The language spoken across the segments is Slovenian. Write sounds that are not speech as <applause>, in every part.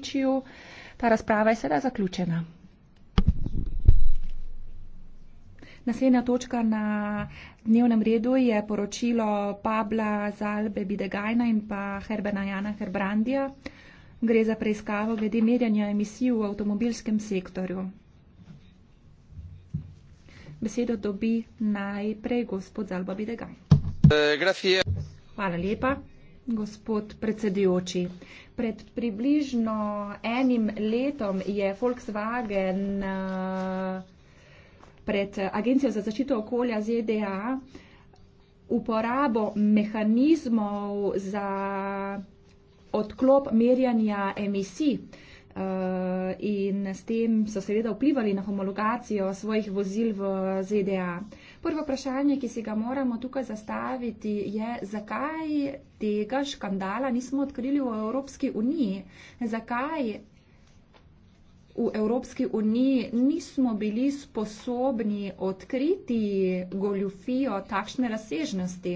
Ičiju. Ta razprava je sedaj zaključena. Naslednja točka na dnevnem redu je poročilo Pabla Zalbe Bidegajna in pa Herbena Jana Herbrandija. Gre za preiskavo glede merjanja emisij v avtomobilskem sektorju. Besedo dobi najprej gospod Zalba Bidegajn. Eh, Hvala lepa gospod predsedujoči. Pred približno enim letom je Volkswagen eh, pred Agencijo za zaščito okolja ZDA uporabo mehanizmov za odklop merjanja emisij eh, in s tem so seveda vplivali na homologacijo svojih vozil v ZDA. Prvo vprašanje, ki si ga moramo tukaj zastaviti, je, zakaj tega škandala nismo odkrili v Evropski uniji? Zakaj v Evropski uniji nismo bili sposobni odkriti goljufijo takšne razsežnosti?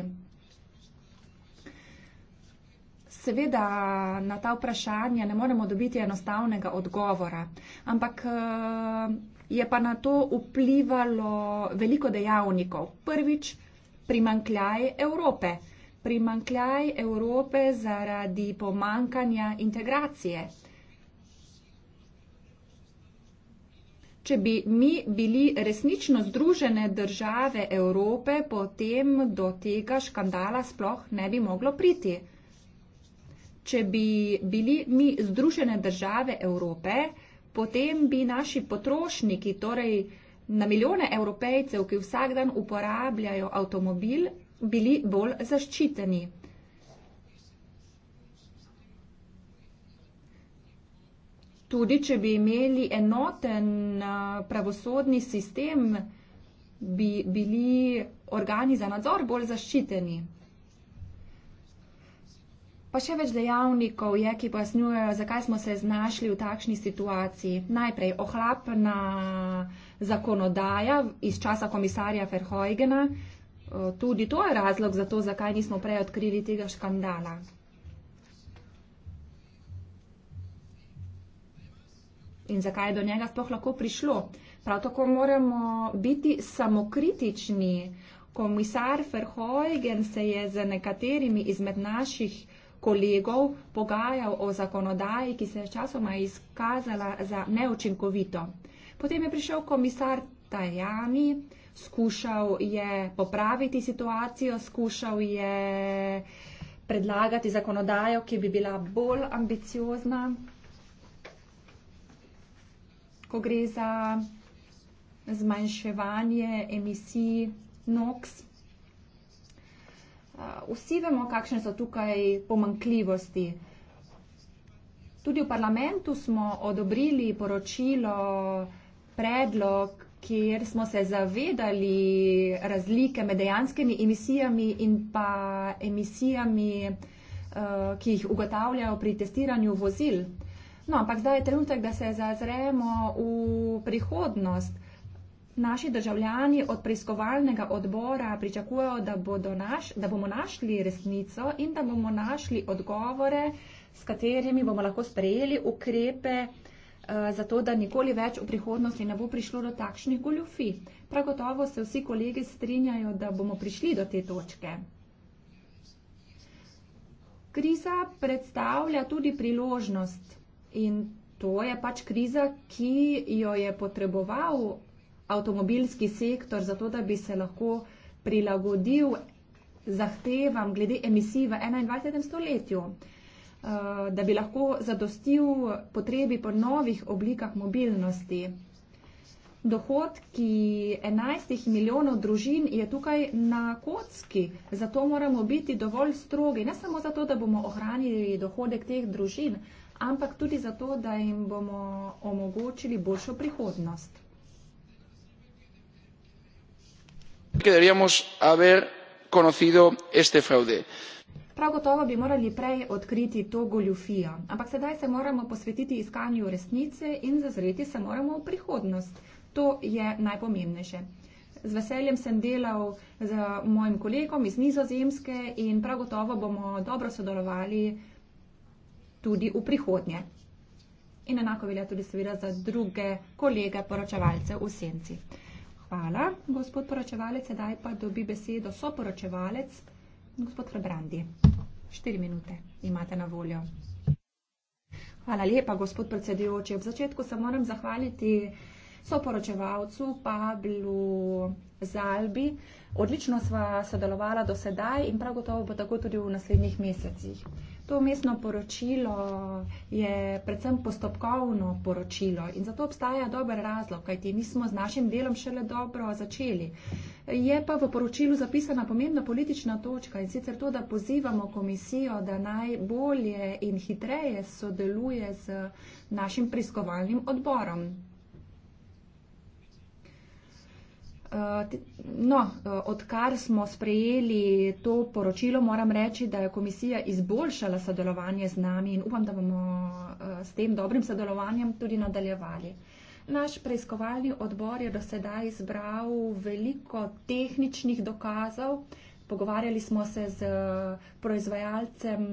Seveda na ta vprašanja ne moremo dobiti enostavnega odgovora, ampak eh, je pa na to vplivalo veliko dejavnikov. Prvič, primankljaj Evrope. Primankljaj Evrope zaradi pomankanja integracije. Če bi mi bili resnično združene države Evrope, potem do tega škandala sploh ne bi moglo priti. Če bi bili mi združene države Evrope, potem bi naši potrošniki, torej na milijone evropejcev, ki vsak dan uporabljajo avtomobil, bili bolj zaščiteni. Tudi, če bi imeli enoten pravosodni sistem, bi bili organi za nadzor bolj zaščiteni. Pa še več dejavnikov je, ki pojasnjujejo, zakaj smo se znašli v takšni situaciji. Najprej ohlapna zakonodaja iz časa komisarja Ferhojgena. Tudi to je razlog za to, zakaj nismo prej odkrili tega škandala. In zakaj je do njega sploh lahko prišlo. Prav tako moramo biti samokritični. Komisar Ferhojgen se je z nekaterimi izmed naših kolegov pogajal o zakonodaji, ki se je časoma izkazala za neučinkovito. Potem je prišel komisar Tajani, skušal je popraviti situacijo, skušal je predlagati zakonodajo, ki bi bila bolj ambiciozna, ko gre za zmanjševanje emisij NOX. Eh, vsi vemo, kakšne so tukaj pomankljivosti. Tudi v parlamentu smo odobrili poročilo, predlog, kjer smo se zavedali razlike med dejanskimi emisijami in pa emisijami, eh, ki jih ugotavljajo pri testiranju vozil. No, ampak zdaj je trenutek, da se zazremo v prihodnost. Naši državljani od preiskovalnega odbora pričakujejo, da, naš, da bomo našli resnico in da bomo našli odgovore, s katerimi bomo lahko sprejeli ukrepe, eh, zato da nikoli več v prihodnosti ne bo prišlo do takšnih goljufi. Prav gotovo se vsi kolegi strinjajo, da bomo prišli do te točke. Kriza predstavlja tudi priložnost in to je pač kriza, ki jo je potreboval avtomobilski sektor, zato da bi se lahko prilagodil zahtevam glede emisij v 21. stoletju, eh, da bi lahko zadostil potrebi po novih oblikah mobilnosti. Dohodki 11 milijonov družin je tukaj na kocki, zato moramo biti dovolj strogi, ne samo zato, da bomo ohranili dohodek teh družin, ampak tudi zato, da jim bomo omogočili boljšo prihodnost. que deberíamos haber conocido este fraude. Prav gotovo bi morali prej odkriti to goljufijo, ampak sedaj se moramo posvetiti iskanju resnice in zazreti se moramo v prihodnost. To je najpomembnejše. Z veseljem sem delal z mojim kolegom iz Nizozemske in prav gotovo bomo dobro sodelovali tudi v prihodnje. In enako velja tudi seveda za druge kolege poročevalce v Senci. Hvala. Gospod poročevalec, sedaj pa dobi besedo soporočevalec, gospod Hrebrandi. Štiri minute imate na voljo. Hvala lepa, gospod predsedujoči. V začetku se moram zahvaliti soporočevalcu Pablu Zalbi. Odlično sva sodelovala do sedaj in prav gotovo bo tako tudi v naslednjih mesecih. To umestno poročilo je predvsem postopkovno poročilo in zato obstaja dober razlog, kajti mi smo z našim delom šele dobro začeli. Je pa v poročilu zapisana pomembna politična točka in sicer to, da pozivamo komisijo, da najbolje in hitreje sodeluje z našim preiskovalnim odborom. Eh, no, eh, odkar smo sprejeli to poročilo, moram reči, da je komisija izboljšala sodelovanje z nami in upam, da bomo eh, s tem dobrim sodelovanjem tudi nadaljevali. Naš preiskovalni odbor je do sedaj zbral veliko tehničnih dokazov. Pogovarjali smo se z proizvajalcem,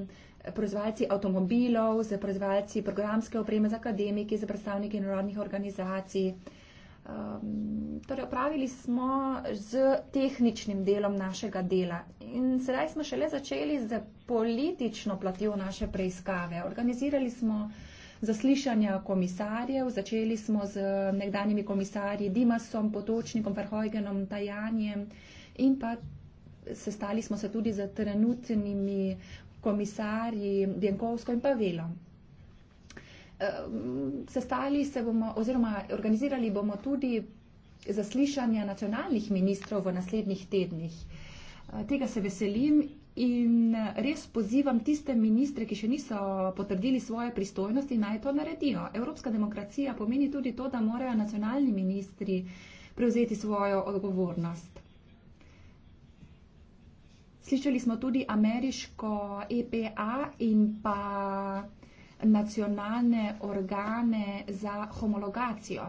proizvajalci avtomobilov, z proizvajalci programske opreme za akademiki, z predstavniki narodnih organizacij. Uh, Um, torej, opravili smo z tehničnim delom našega dela in sedaj smo šele začeli z politično platjo naše preiskave. Organizirali smo zaslišanja komisarjev, začeli smo z nekdanjimi komisarji Dimasom, Potočnikom, Verhojgenom, Tajanjem in pa sestali smo se tudi z trenutnimi komisarji Djenkovsko in Pavelom sestali se bomo oziroma organizirali bomo tudi zaslišanja nacionalnih ministrov v naslednjih tednih. Eh, tega se veselim in res pozivam tiste ministre, ki še niso potrdili svoje pristojnosti, naj to naredijo. Evropska demokracija pomeni tudi to, da morajo nacionalni ministri prevzeti svojo odgovornost. Slišali smo tudi ameriško EPA in pa nacionalne organe za homologacijo.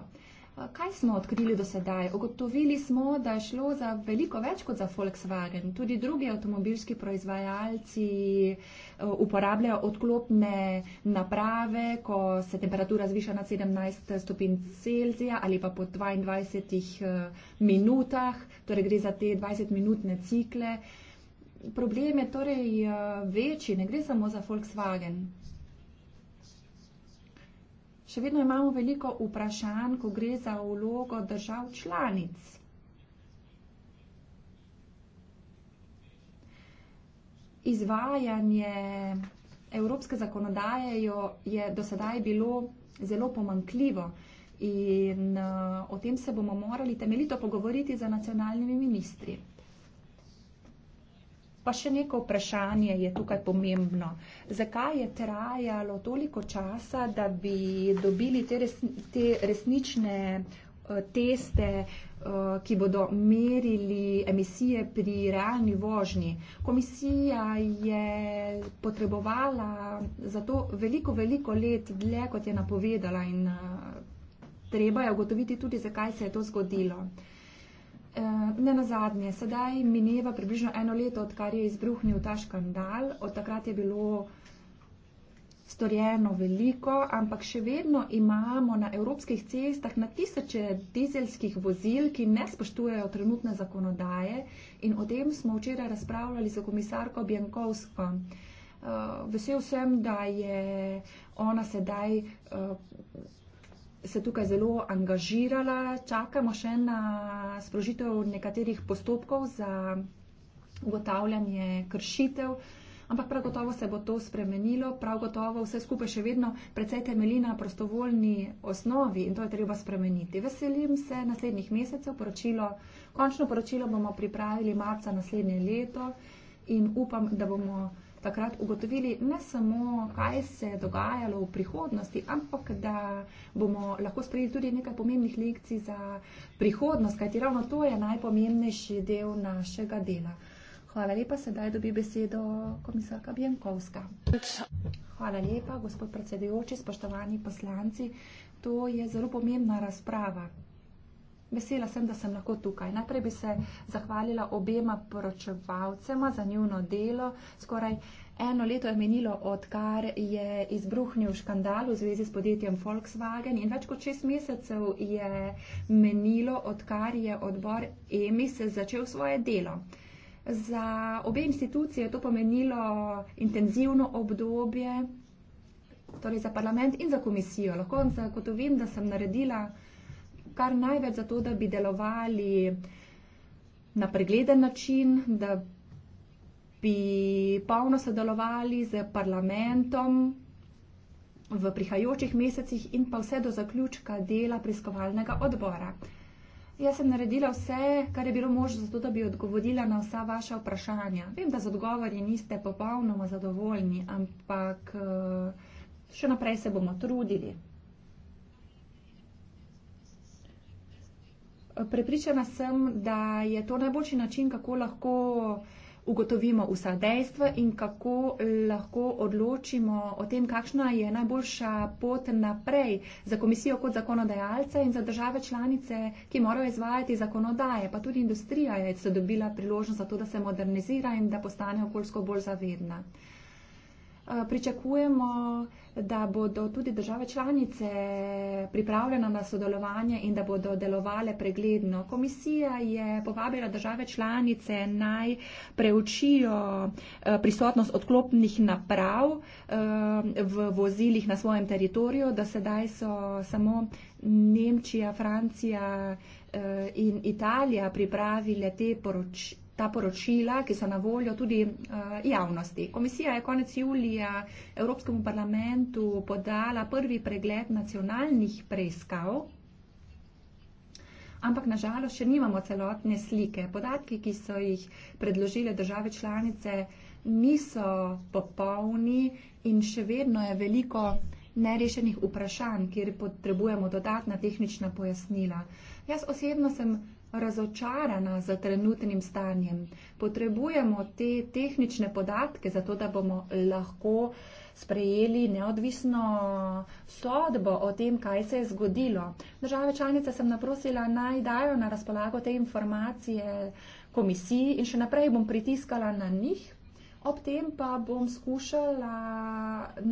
Kaj smo odkrili do sedaj? Ugotovili smo, da je šlo za veliko več kot za Volkswagen. Tudi drugi avtomobilski proizvajalci eh, uporabljajo odklopne naprave, ko se temperatura zviša na 17 stopinj Celzija ali pa po 22 eh, minutah, torej gre za te 20-minutne cikle. Problem je torej eh, večji, ne gre samo za Volkswagen. Še vedno imamo veliko vprašanj, ko gre za vlogo držav članic. Izvajanje evropske zakonodaje je dosedaj bilo zelo pomankljivo in eh, o tem se bomo morali temeljito pogovoriti za nacionalnimi ministri. Pa še neko vprašanje je tukaj pomembno. Zakaj je trajalo toliko časa, da bi dobili te, resni, te resnične eh, teste, eh, ki bodo merili emisije pri realni vožnji. Komisija je potrebovala za to veliko, veliko let dlje, kot je napovedala in eh, treba je ugotoviti tudi, zakaj se je to zgodilo. Uh, Eh, ne na zadnje, sedaj mineva približno eno leto, odkar je izbruhnil ta škandal. Od takrat je bilo storjeno veliko, ampak še vedno imamo na evropskih cestah na tisoče dizelskih vozil, ki ne spoštujejo trenutne zakonodaje in o tem smo včeraj razpravljali z komisarko Bjankovsko. Eh, vesel sem, da je ona sedaj eh, se tukaj zelo angažirala. Čakamo še na sprožitev nekaterih postopkov za ugotavljanje kršitev, ampak prav gotovo se bo to spremenilo, prav gotovo vse skupaj še vedno precej temelji na prostovoljni osnovi in to je treba spremeniti. Veselim se naslednjih mesecev, poročilo, končno poročilo bomo pripravili marca naslednje leto in upam, da bomo takrat ugotovili ne samo, kaj se je dogajalo v prihodnosti, ampak da bomo lahko sprejeli tudi nekaj pomembnih lekcij za prihodnost, kajti ravno to je najpomembnejši del našega dela. Hvala lepa, sedaj dobi besedo komisarka Bjankovska. Hvala lepa, gospod predsedujoči, spoštovani poslanci. To je zelo pomembna razprava. Vesela sem, da sem lahko tukaj. Najprej bi se zahvalila obema poročevalcema za njuno delo. Skoraj eno leto je menilo, odkar je izbruhnil škandal v zvezi s podjetjem Volkswagen in več kot šest mesecev je menilo, odkar je odbor EMI se začel svoje delo. Za obe institucije je to pomenilo intenzivno obdobje, torej za parlament in za komisijo. Lahko vam zagotovim, da sem naredila kar največ za to, da bi delovali na pregleden način, da bi polno sodelovali z parlamentom v prihajajočih mesecih in pa vse do zaključka dela preiskovalnega odbora. Jaz sem naredila vse, kar je bilo možno, zato da bi odgovorila na vsa vaša vprašanja. Vem, da z odgovori niste popolnoma zadovoljni, ampak eh, še naprej se bomo trudili. Prepričana sem, da je to najboljši način, kako lahko ugotovimo vsa dejstva in kako lahko odločimo o tem, kakšna je najboljša pot naprej za komisijo kot zakonodajalce in za države članice, ki morajo izvajati zakonodaje. Pa tudi industrija je se dobila priložnost za to, da se modernizira in da postane okoljsko bolj zavedna. Eh, pričakujemo, da bodo tudi države članice pripravljene na sodelovanje in da bodo delovale pregledno. Komisija je povabila države članice naj preučijo eh, prisotnost odklopnih naprav eh, v vozilih na svojem teritoriju, da sedaj so samo Nemčija, Francija in Italija pripravile te poročila ta poročila, ki so na voljo tudi uh, javnosti. Komisija je konec julija Evropskemu parlamentu podala prvi pregled nacionalnih preiskav, ampak nažalost še nimamo celotne slike. Podatki, ki so jih predložile države članice, niso popolni in še vedno je veliko nerešenih vprašanj, kjer potrebujemo dodatna tehnična pojasnila. Jaz osebno sem razočarana z trenutnim stanjem. Potrebujemo te tehnične podatke, zato da bomo lahko sprejeli neodvisno sodbo o tem, kaj se je zgodilo. Države članice sem naprosila naj dajo na razpolago te informacije komisiji in še naprej bom pritiskala na njih. Ob tem pa bom skušala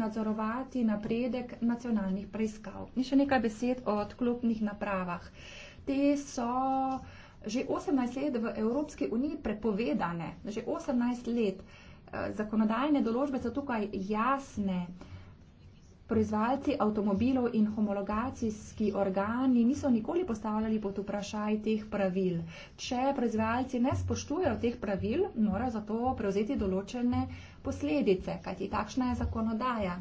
nadzorovati napredek nacionalnih preiskav. In še nekaj besed o odklopnih napravah. Uh, te so že 18 let v Evropski uniji prepovedane, že 18 let. Eh, zakonodajne določbe so tukaj jasne. Proizvajalci avtomobilov in homologacijski organi niso nikoli postavljali pod vprašaj teh pravil. Če proizvajalci ne spoštujejo teh pravil, mora zato prevzeti določene posledice, kajti takšna je zakonodaja.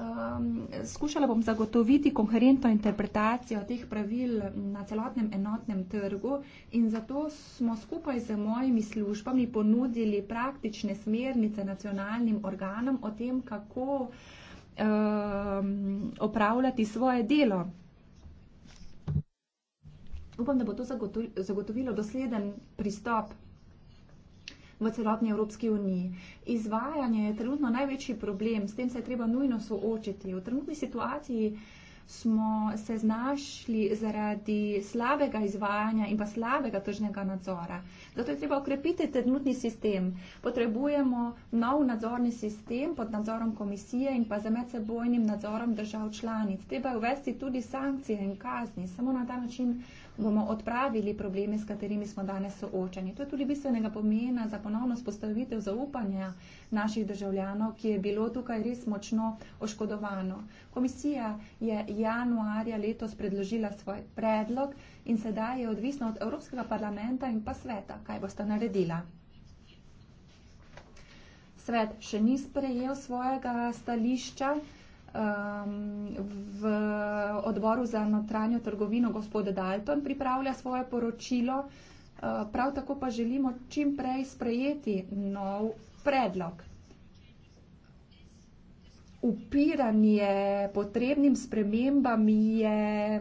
Um, skušala bom zagotoviti konkurentno interpretacijo teh pravil na celotnem enotnem trgu in zato smo skupaj z mojimi službami ponudili praktične smernice nacionalnim organom o tem, kako um, opravljati svoje delo. Upam, da bo to zagotovilo dosleden pristop v celotni Evropski uniji. Izvajanje je trenutno največji problem, s tem se je treba nujno soočiti. V trenutni situaciji smo se znašli zaradi slabega izvajanja in pa slabega tržnega nadzora. Zato je treba okrepiti trenutni sistem. Potrebujemo nov nadzorni sistem pod nadzorom komisije in pa za medsebojnim nadzorom držav članic. Treba je uvesti tudi sankcije in kazni. Samo na ta način bomo odpravili probleme, s katerimi smo danes soočeni. To je tudi bistvenega pomena za ponovno spostavitev zaupanja naših državljanov, ki je bilo tukaj res močno oškodovano. Komisija je januarja letos predložila svoj predlog in sedaj je odvisno od Evropskega parlamenta in pa sveta, kaj boste naredila. Svet še ni sprejel svojega stališča um, v odboru za notranjo trgovino gospod Dalton pripravlja svoje poročilo, uh, prav tako pa želimo čim prej sprejeti nov predlog. Upiranje potrebnim spremembam je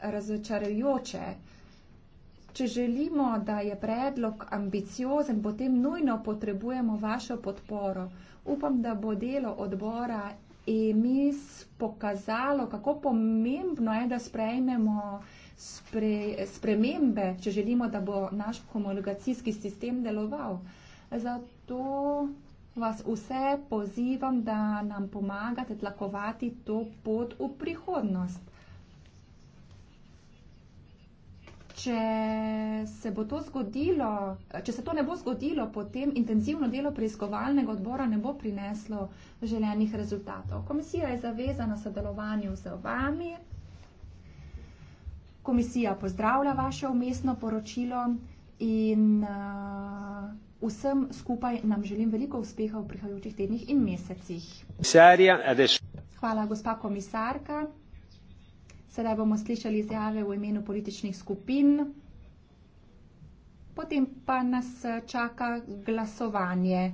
razočarajoče. Če želimo, da je predlog ambiciozen, potem nujno potrebujemo vašo podporo. Upam, da bo delo odbora EMIS pokazalo, kako pomembno je, da sprejmemo spre, spremembe, če želimo, da bo naš homologacijski sistem deloval. Zato vas vse pozivam, da nam pomagate tlakovati to pot v prihodnost. Če se bo to zgodilo, če se to ne bo zgodilo, potem intenzivno delo preiskovalnega odbora ne bo prineslo želenih rezultatov. Komisija je zavezana sodelovanju z vami. Komisija pozdravlja vaše umestno poročilo in uh, vsem skupaj nam želim veliko uspeha v prihajajočih tednih in mesecih. Hvala, gospa komisarka. Sedaj bomo slišali izjave v imenu političnih skupin, potem pa nas čaka glasovanje.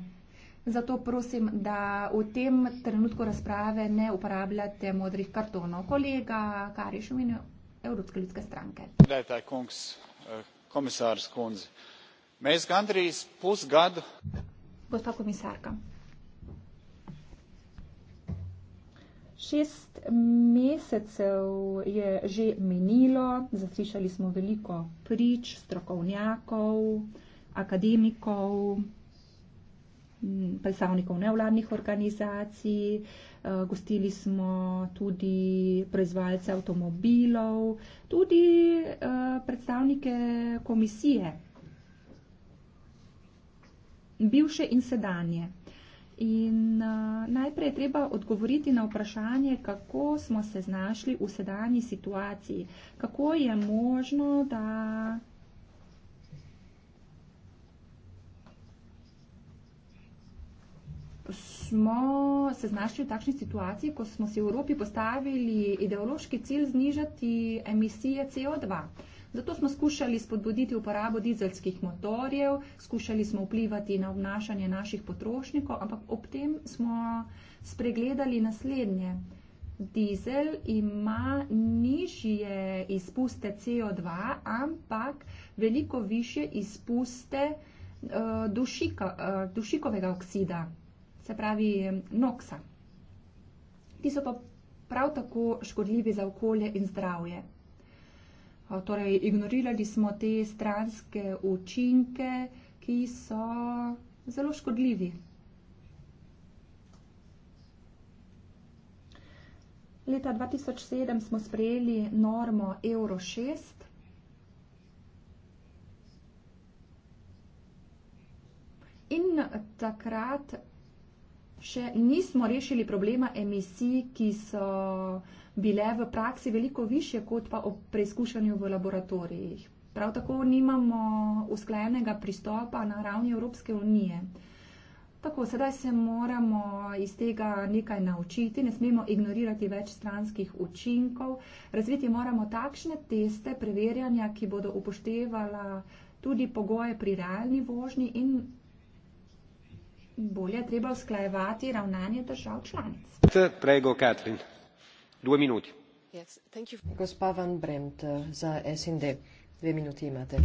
Zato prosim, da v tem trenutku razprave ne uporabljate modrih kartonov. Kolega Kariš, v imenu Evropske ljudske stranke. Gledajte, kongs, eh, komisar Skonz, me je zgandri izpust gad. Gospa komisarka, Šest mesecev je že menilo, zaslišali smo veliko prič, strokovnjakov, akademikov, predstavnikov nevladnih organizacij, eh, gostili smo tudi proizvajalce avtomobilov, tudi eh, predstavnike komisije, bivše in sedanje. In uh, najprej je treba odgovoriti na vprašanje, kako smo se znašli v sedanji situaciji. Kako je možno, da. Smo se znašli v takšni situaciji, ko smo si v Evropi postavili ideološki cilj znižati emisije CO2. Uh, Zato smo skušali spodbuditi uporabo dizelskih motorjev, skušali smo vplivati na obnašanje naših potrošnikov, ampak ob tem smo spregledali naslednje. Dizel ima nižje izpuste CO2, ampak veliko više izpuste eh, dušika, eh, dušikovega oksida, se pravi eh, NOX-a. Ti so pa prav tako škodljivi za okolje in zdravje. Eh, torej, ignorirali smo te stranske učinke, ki so zelo škodljivi. Leta 2007 smo sprejeli normo Euro 6. In takrat še nismo rešili problema emisij, ki so uh, bile v praksi veliko više kot pa ob preizkušanju v laboratorijih. Prav tako nimamo usklenega pristopa na ravni Evropske unije. Tako, sedaj se moramo iz tega nekaj naučiti, ne smemo ignorirati več stranskih učinkov, razviti moramo takšne teste preverjanja, ki bodo upoštevala tudi pogoje pri realni vožnji in bolje treba usklajevati ravnanje držav članic. Prego, Katrin gospa van brempt za sd dve minuti imate.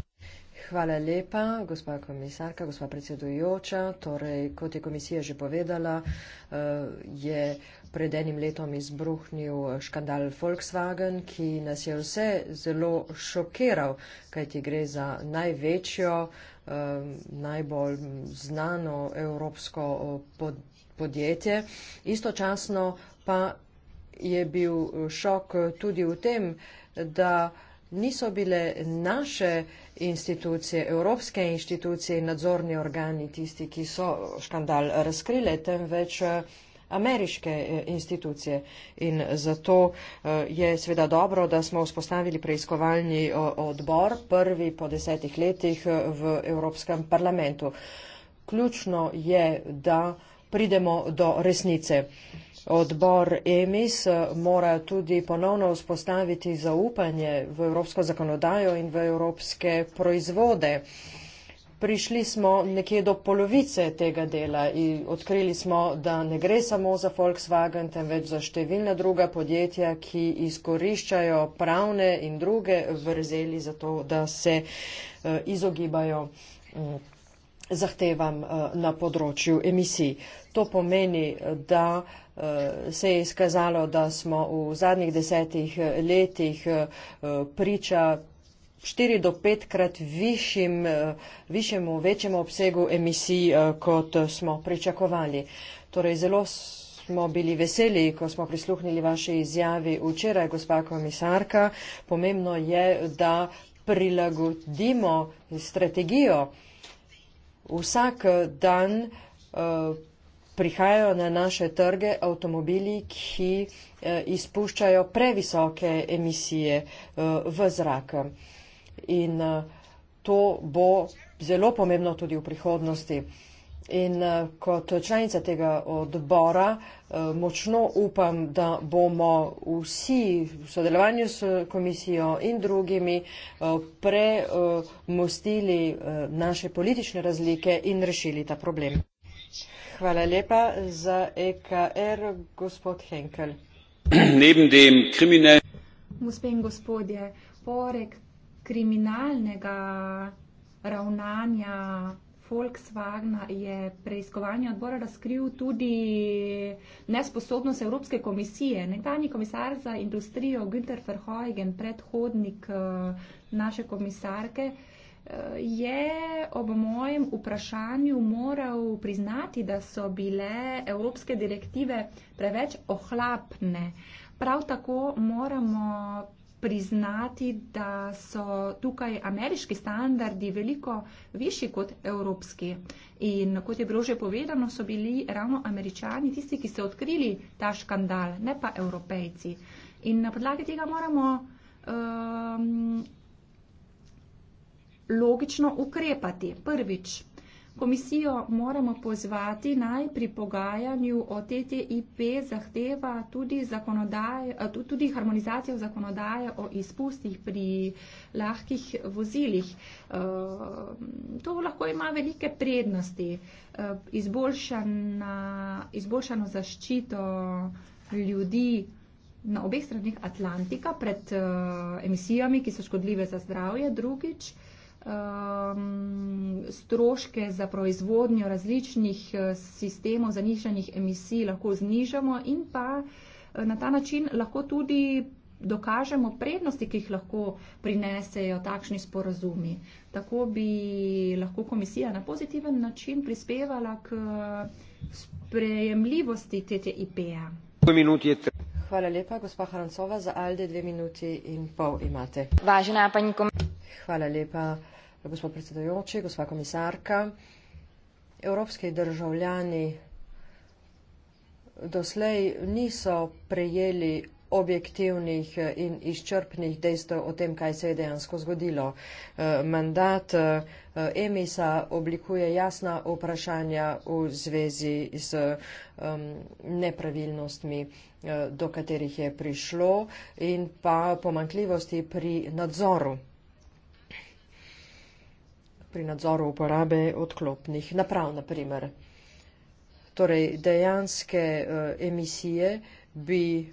Hvala lepa, gospa komisarka, gospa predsedujoča. Torej, kot je komisija že povedala, eh, je pred enim letom izbruhnil škandal Volkswagen, ki nas je vse zelo šokiral, kajti gre za največjo, eh, najbolj znano evropsko eh, podjetje. Istočasno pa je bil eh, šok eh, tudi v tem, da niso bile naše institucije, evropske institucije in nadzorni organi tisti, ki so škandal razkrile, temveč eh, ameriške institucije. In zato je sveda dobro, da smo vzpostavili preiskovalni odbor prvi po desetih letih v Evropskem parlamentu. Ključno je, da pridemo do resnice. Odbor EMIS mora tudi ponovno vzpostaviti zaupanje v evropsko zakonodajo in v evropske proizvode. Prišli smo nekje do polovice tega dela in odkrili smo, da ne gre samo za Volkswagen, temveč za številna druga podjetja, ki izkoriščajo pravne in druge vrzeli za to, da se eh, izogibajo mm, zahtevam eh, na področju emisij. To pomeni, da eh, se je izkazalo, da smo v zadnjih desetih eh, letih priča 4 do 5 krat višjim, višjemu, večjemu obsegu emisij, kot smo pričakovali. Torej, zelo smo bili veseli, ko smo prisluhnili vaše izjavi včeraj, gospa komisarka. Pomembno je, da prilagodimo strategijo Vsak dan eh, prihajajo na naše trge avtomobili, ki eh, izpuščajo previsoke emisije eh, v zrak. In to bo zelo pomembno tudi v prihodnosti. In eh, kot članica tega odbora eh, močno upam, da bomo vsi v sodelovanju s komisijo in drugimi eh, premostili naše politične razlike in rešili ta problem. Hvala lepa za EKR, gospod Henkel. <clears throat> Gospe in gospodje, poreg kriminalnega ravnanja Volkswagen je preiskovanje odbora razkril tudi nesposobnost Evropske komisije. Nekdani komisar za industrijo Günter Verheugen, predhodnik eh, naše komisarke, eh, je ob mojem vprašanju moral priznati, da so bile evropske direktive preveč ohlapne. Prav tako moramo priznati, da so tukaj ameriški standardi veliko višji kot evropski. In kot je bilo že povedano, so bili ravno američani tisti, ki so odkrili ta škandal, ne pa evropejci. In na podlagi tega moramo um, logično ukrepati. Prvič, Komisijo moramo pozvati naj pri pogajanju o TTIP zahteva tudi, eh, tudi harmonizacijo zakonodaje o izpustih pri lahkih vozilih. Eh, to lahko ima velike prednosti, eh, izboljšana, izboljšano zaščito ljudi na obeh stranih Atlantika pred emisijami, ki so škodljive za zdravje, drugič um, stroške za proizvodnjo različnih eh, sistemov zanišanih emisij lahko znižamo in pa eh, na ta način lahko tudi dokažemo prednosti, ki jih lahko prinesejo takšni sporazumi. Tako bi lahko komisija na pozitiven način prispevala k eh, sprejemljivosti TTIP-a. Hvala lepa, gospa Harancova, za Alde dve minuti in pol imate. Važna, pa nikom. Hvala lepa gospod predsedujoči, gospa komisarka, evropski državljani doslej niso prejeli objektivnih in izčrpnih dejstev o tem, kaj se je dejansko zgodilo. Eh, mandat eh, EMISA oblikuje jasna vprašanja v zvezi z nepravilnostmi, eh, do katerih je prišlo in pa pomankljivosti pri nadzoru pri nadzoru uporabe odklopnih naprav, naprimer. Torej, dejanske uh, emisije bi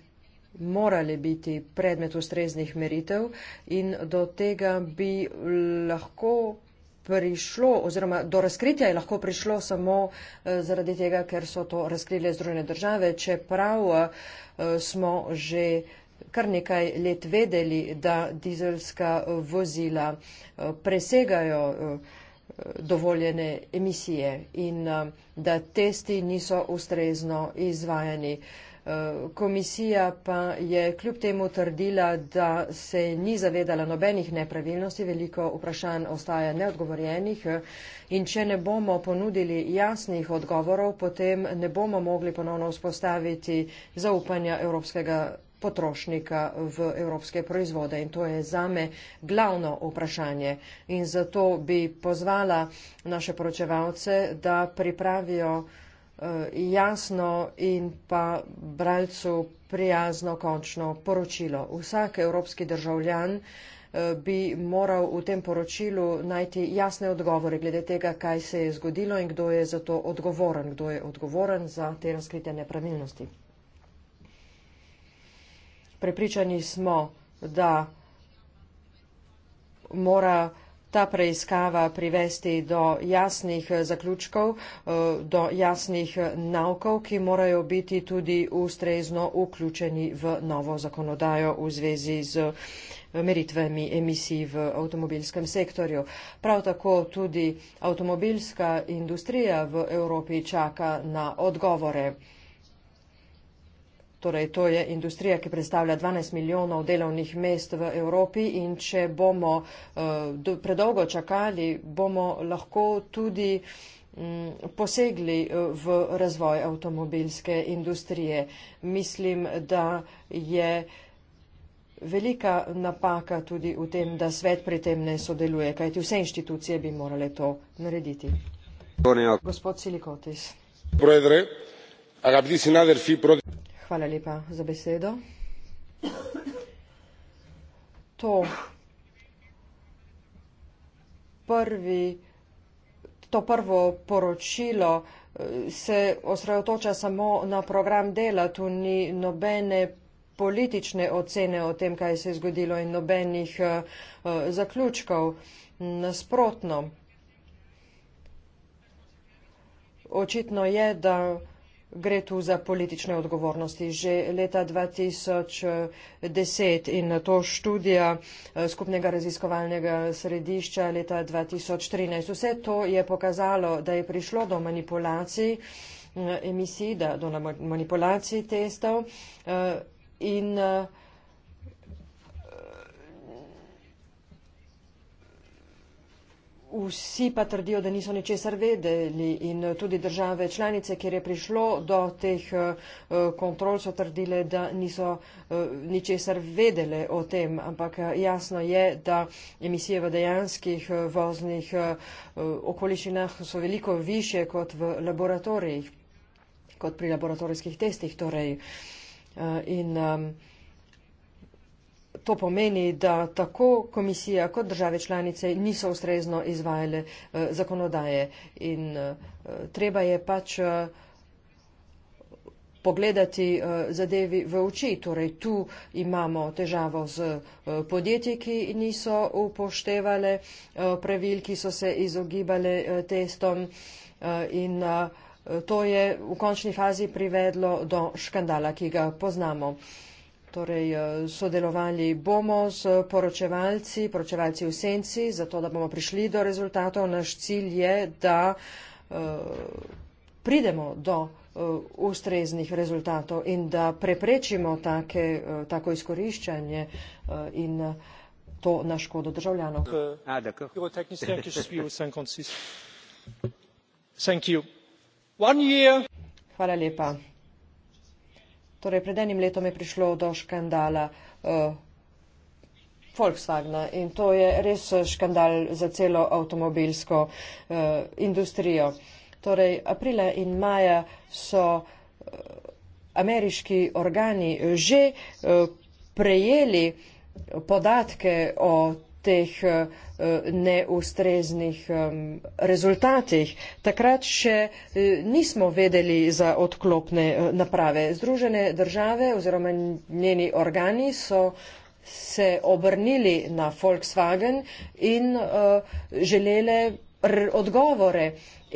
morali biti predmet ustreznih meritev in do tega bi lahko prišlo oziroma do razkritja je lahko prišlo samo eh, zaradi tega, ker so to razkrile Združene države, čeprav eh, smo že kar nekaj let vedeli, da dizelska eh, vozila eh, presegajo eh, dovoljene emisije in da testi niso ustrezno izvajani. Komisija pa je kljub temu trdila, da se ni zavedala nobenih nepravilnosti, veliko vprašanj ostaja neodgovorjenih in če ne bomo ponudili jasnih odgovorov, potem ne bomo mogli ponovno vzpostaviti zaupanja Evropskega potrošnika v evropske proizvode. In to je zame glavno vprašanje. In zato bi pozvala naše poročevalce, da pripravijo eh, jasno in pa bralcu prijazno končno poročilo. Vsak evropski državljan eh, bi moral v tem poročilu najti jasne odgovore glede tega, kaj se je zgodilo in kdo je za to odgovoren, kdo je odgovoren za te razkrite nepravilnosti prepričani smo, da mora ta preiskava privesti do jasnih eh, zaključkov, eh, do jasnih eh, naukov, ki morajo biti tudi ustrezno vključeni v novo zakonodajo v zvezi z meritvami emisij v avtomobilskem sektorju. Prav tako tudi avtomobilska industrija v Evropi čaka na odgovore. Torej, to je industrija, ki predstavlja 12 milijonov delovnih mest v Evropi in če bomo uh, predolgo čakali, bomo lahko tudi mm, posegli eh, v razvoj avtomobilske industrije. Mislim, da je velika napaka tudi v tem, da svet pri tem ne sodeluje, kajti vse inštitucije bi morale to narediti. Gospod Silikotis. Hvala lepa za besedo. To prvi, to prvo poročilo eh, se osredotoča samo na program dela, tu ni nobene politične ocene o tem, kaj se je zgodilo in nobenih uh, zaključkov. Nasprotno, očitno je, da gre tu za politične odgovornosti. Že leta 2010 in to študija eh, skupnega raziskovalnega središča leta 2013. Vse to je pokazalo, da je prišlo do manipulacij eh, emisij, da, do manipulacij testov eh, in uh, Vsi pa trdijo, da niso ničesar vedeli in eh, tudi države članice, kjer je prišlo do teh eh, kontrol, so trdile, da niso eh, ničesar vedele o tem. Ampak jasno je, da emisije v dejanskih voznih okoliščinah so veliko više kot v laboratorijih, kot pri laboratorijskih testih. Torej. In, um, to pomeni, da tako komisija kot države članice niso ustrezno izvajale eh, zakonodaje in eh, treba je pač eh, pogledati zadevi v oči. Torej, tu imamo težavo z podjetji, ki niso upoštevale pravil, ki so se izogibale testom in to je v končni fazi privedlo do škandala, ki ga poznamo. Torej, eh, sodelovali bomo z poročevalci, poročevalci v senci, zato da bomo prišli do rezultatov. Naš cilj je, da eh, pridemo do eh, ustreznih rezultatov in da preprečimo take, tako izkoriščanje in to na škodo državljanov. Ah, Hvala lepa. Torej, pred enim letom je prišlo do škandala uh, Volkswagna in to je res škandal za celo avtomobilsko uh, industrijo. Torej, aprila in maja so uh, ameriški organi že uh, prejeli podatke o teh eh, eh, neustreznih rezultatih. Takrat še eh, nismo vedeli za odklopne naprave. Združene države oziroma njeni organi so se obrnili na Volkswagen in želele odgovore.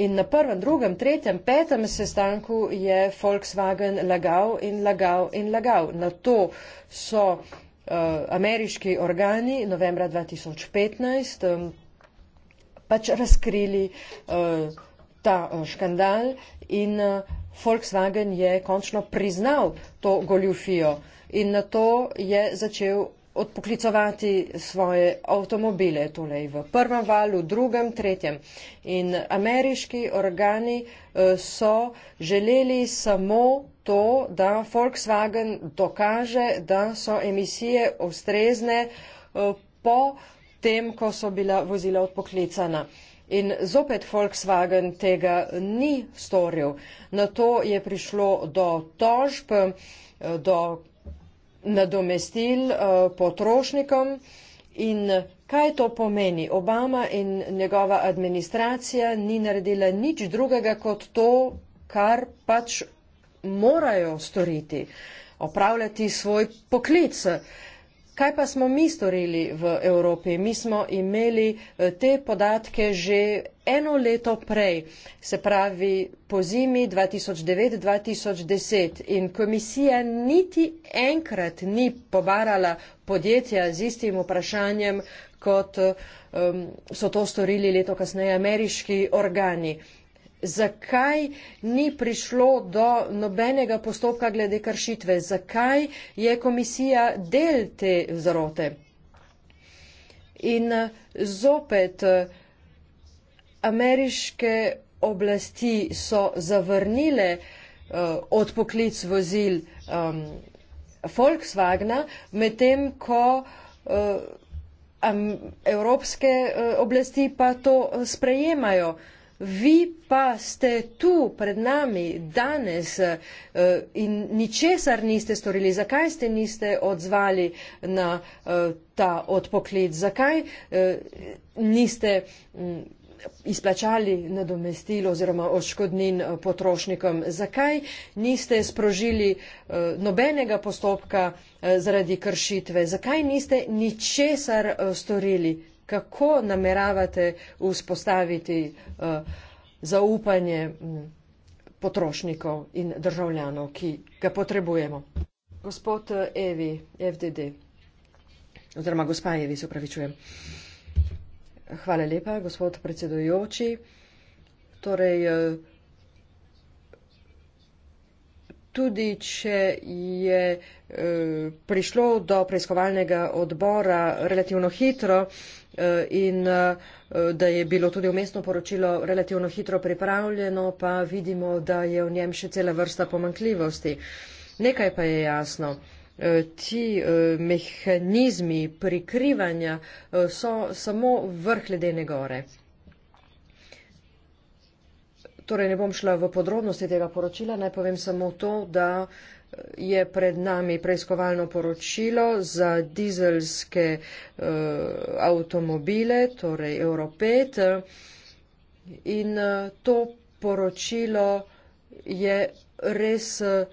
In na prvem, drugem, tretjem, petem sestanku je Volkswagen lagal in lagal in lagal. Na to so Eh, ameriški organi novembra 2015 um, pač razkrili uh, ta uh, škandal in uh, Volkswagen je končno priznal to goljufijo in na to je začel odpoklicovati svoje avtomobile, torej v prvem valu, drugem, tretjem. In ameriški organi eh, so želeli samo to, da Volkswagen dokaže, da so emisije ustrezne eh, po tem, ko so bila vozila odpoklicana. In zopet Volkswagen tega ni storil. Na to je prišlo do tožb, eh, do nadomestil eh, potrošnikom in kaj to pomeni. Obama in njegova administracija ni naredila nič drugega kot to, kar pač morajo storiti, opravljati svoj poklic. Uh, Kaj pa smo mi storili v Evropi? Mi smo imeli eh, te podatke že eno leto prej, se pravi po zimi 2009-2010 in komisija niti enkrat ni pobarala podjetja z istim vprašanjem, kot eh, um, so to storili leto kasneje ameriški organi zakaj ni prišlo do nobenega postopka glede kršitve, zakaj je komisija del te vzrote. In zopet ameriške oblasti so zavrnile uh, odpoklic vozil um, Volkswagna, medtem ko uh, am, evropske uh, oblasti pa to sprejemajo. Uh, Vi pa ste tu pred nami danes eh, in ničesar niste storili. Zakaj ste niste odzvali na eh, ta odpoklic? Zakaj eh, niste mm, izplačali nadomestil oziroma odškodnin potrošnikom? Zakaj niste sprožili nobenega postopka zaradi kršitve? Zakaj niste ničesar storili? kako nameravate vzpostaviti eh, zaupanje mm, potrošnikov in državljanov, ki ga potrebujemo. Gospod eh, Evi, FDD, oziroma gospa Evi, se upravičujem. Hvala lepa, gospod predsedujoči. Torej, eh, tudi če je prišlo do preiskovalnega odbora relativno hitro, Eh, in eh, da je bilo tudi umestno poročilo relativno hitro pripravljeno, pa vidimo, da je v njem še cela vrsta pomankljivosti. Nekaj pa je jasno. Eh, ti mehanizmi prikrivanja so samo vrh ledene gore. Torej, ne bom šla v podrobnosti tega poročila, naj povem samo to, da uh, je pred nami preiskovalno poročilo za dizelske uh, avtomobile, torej Euro 5. In uh, to poročilo je res uh,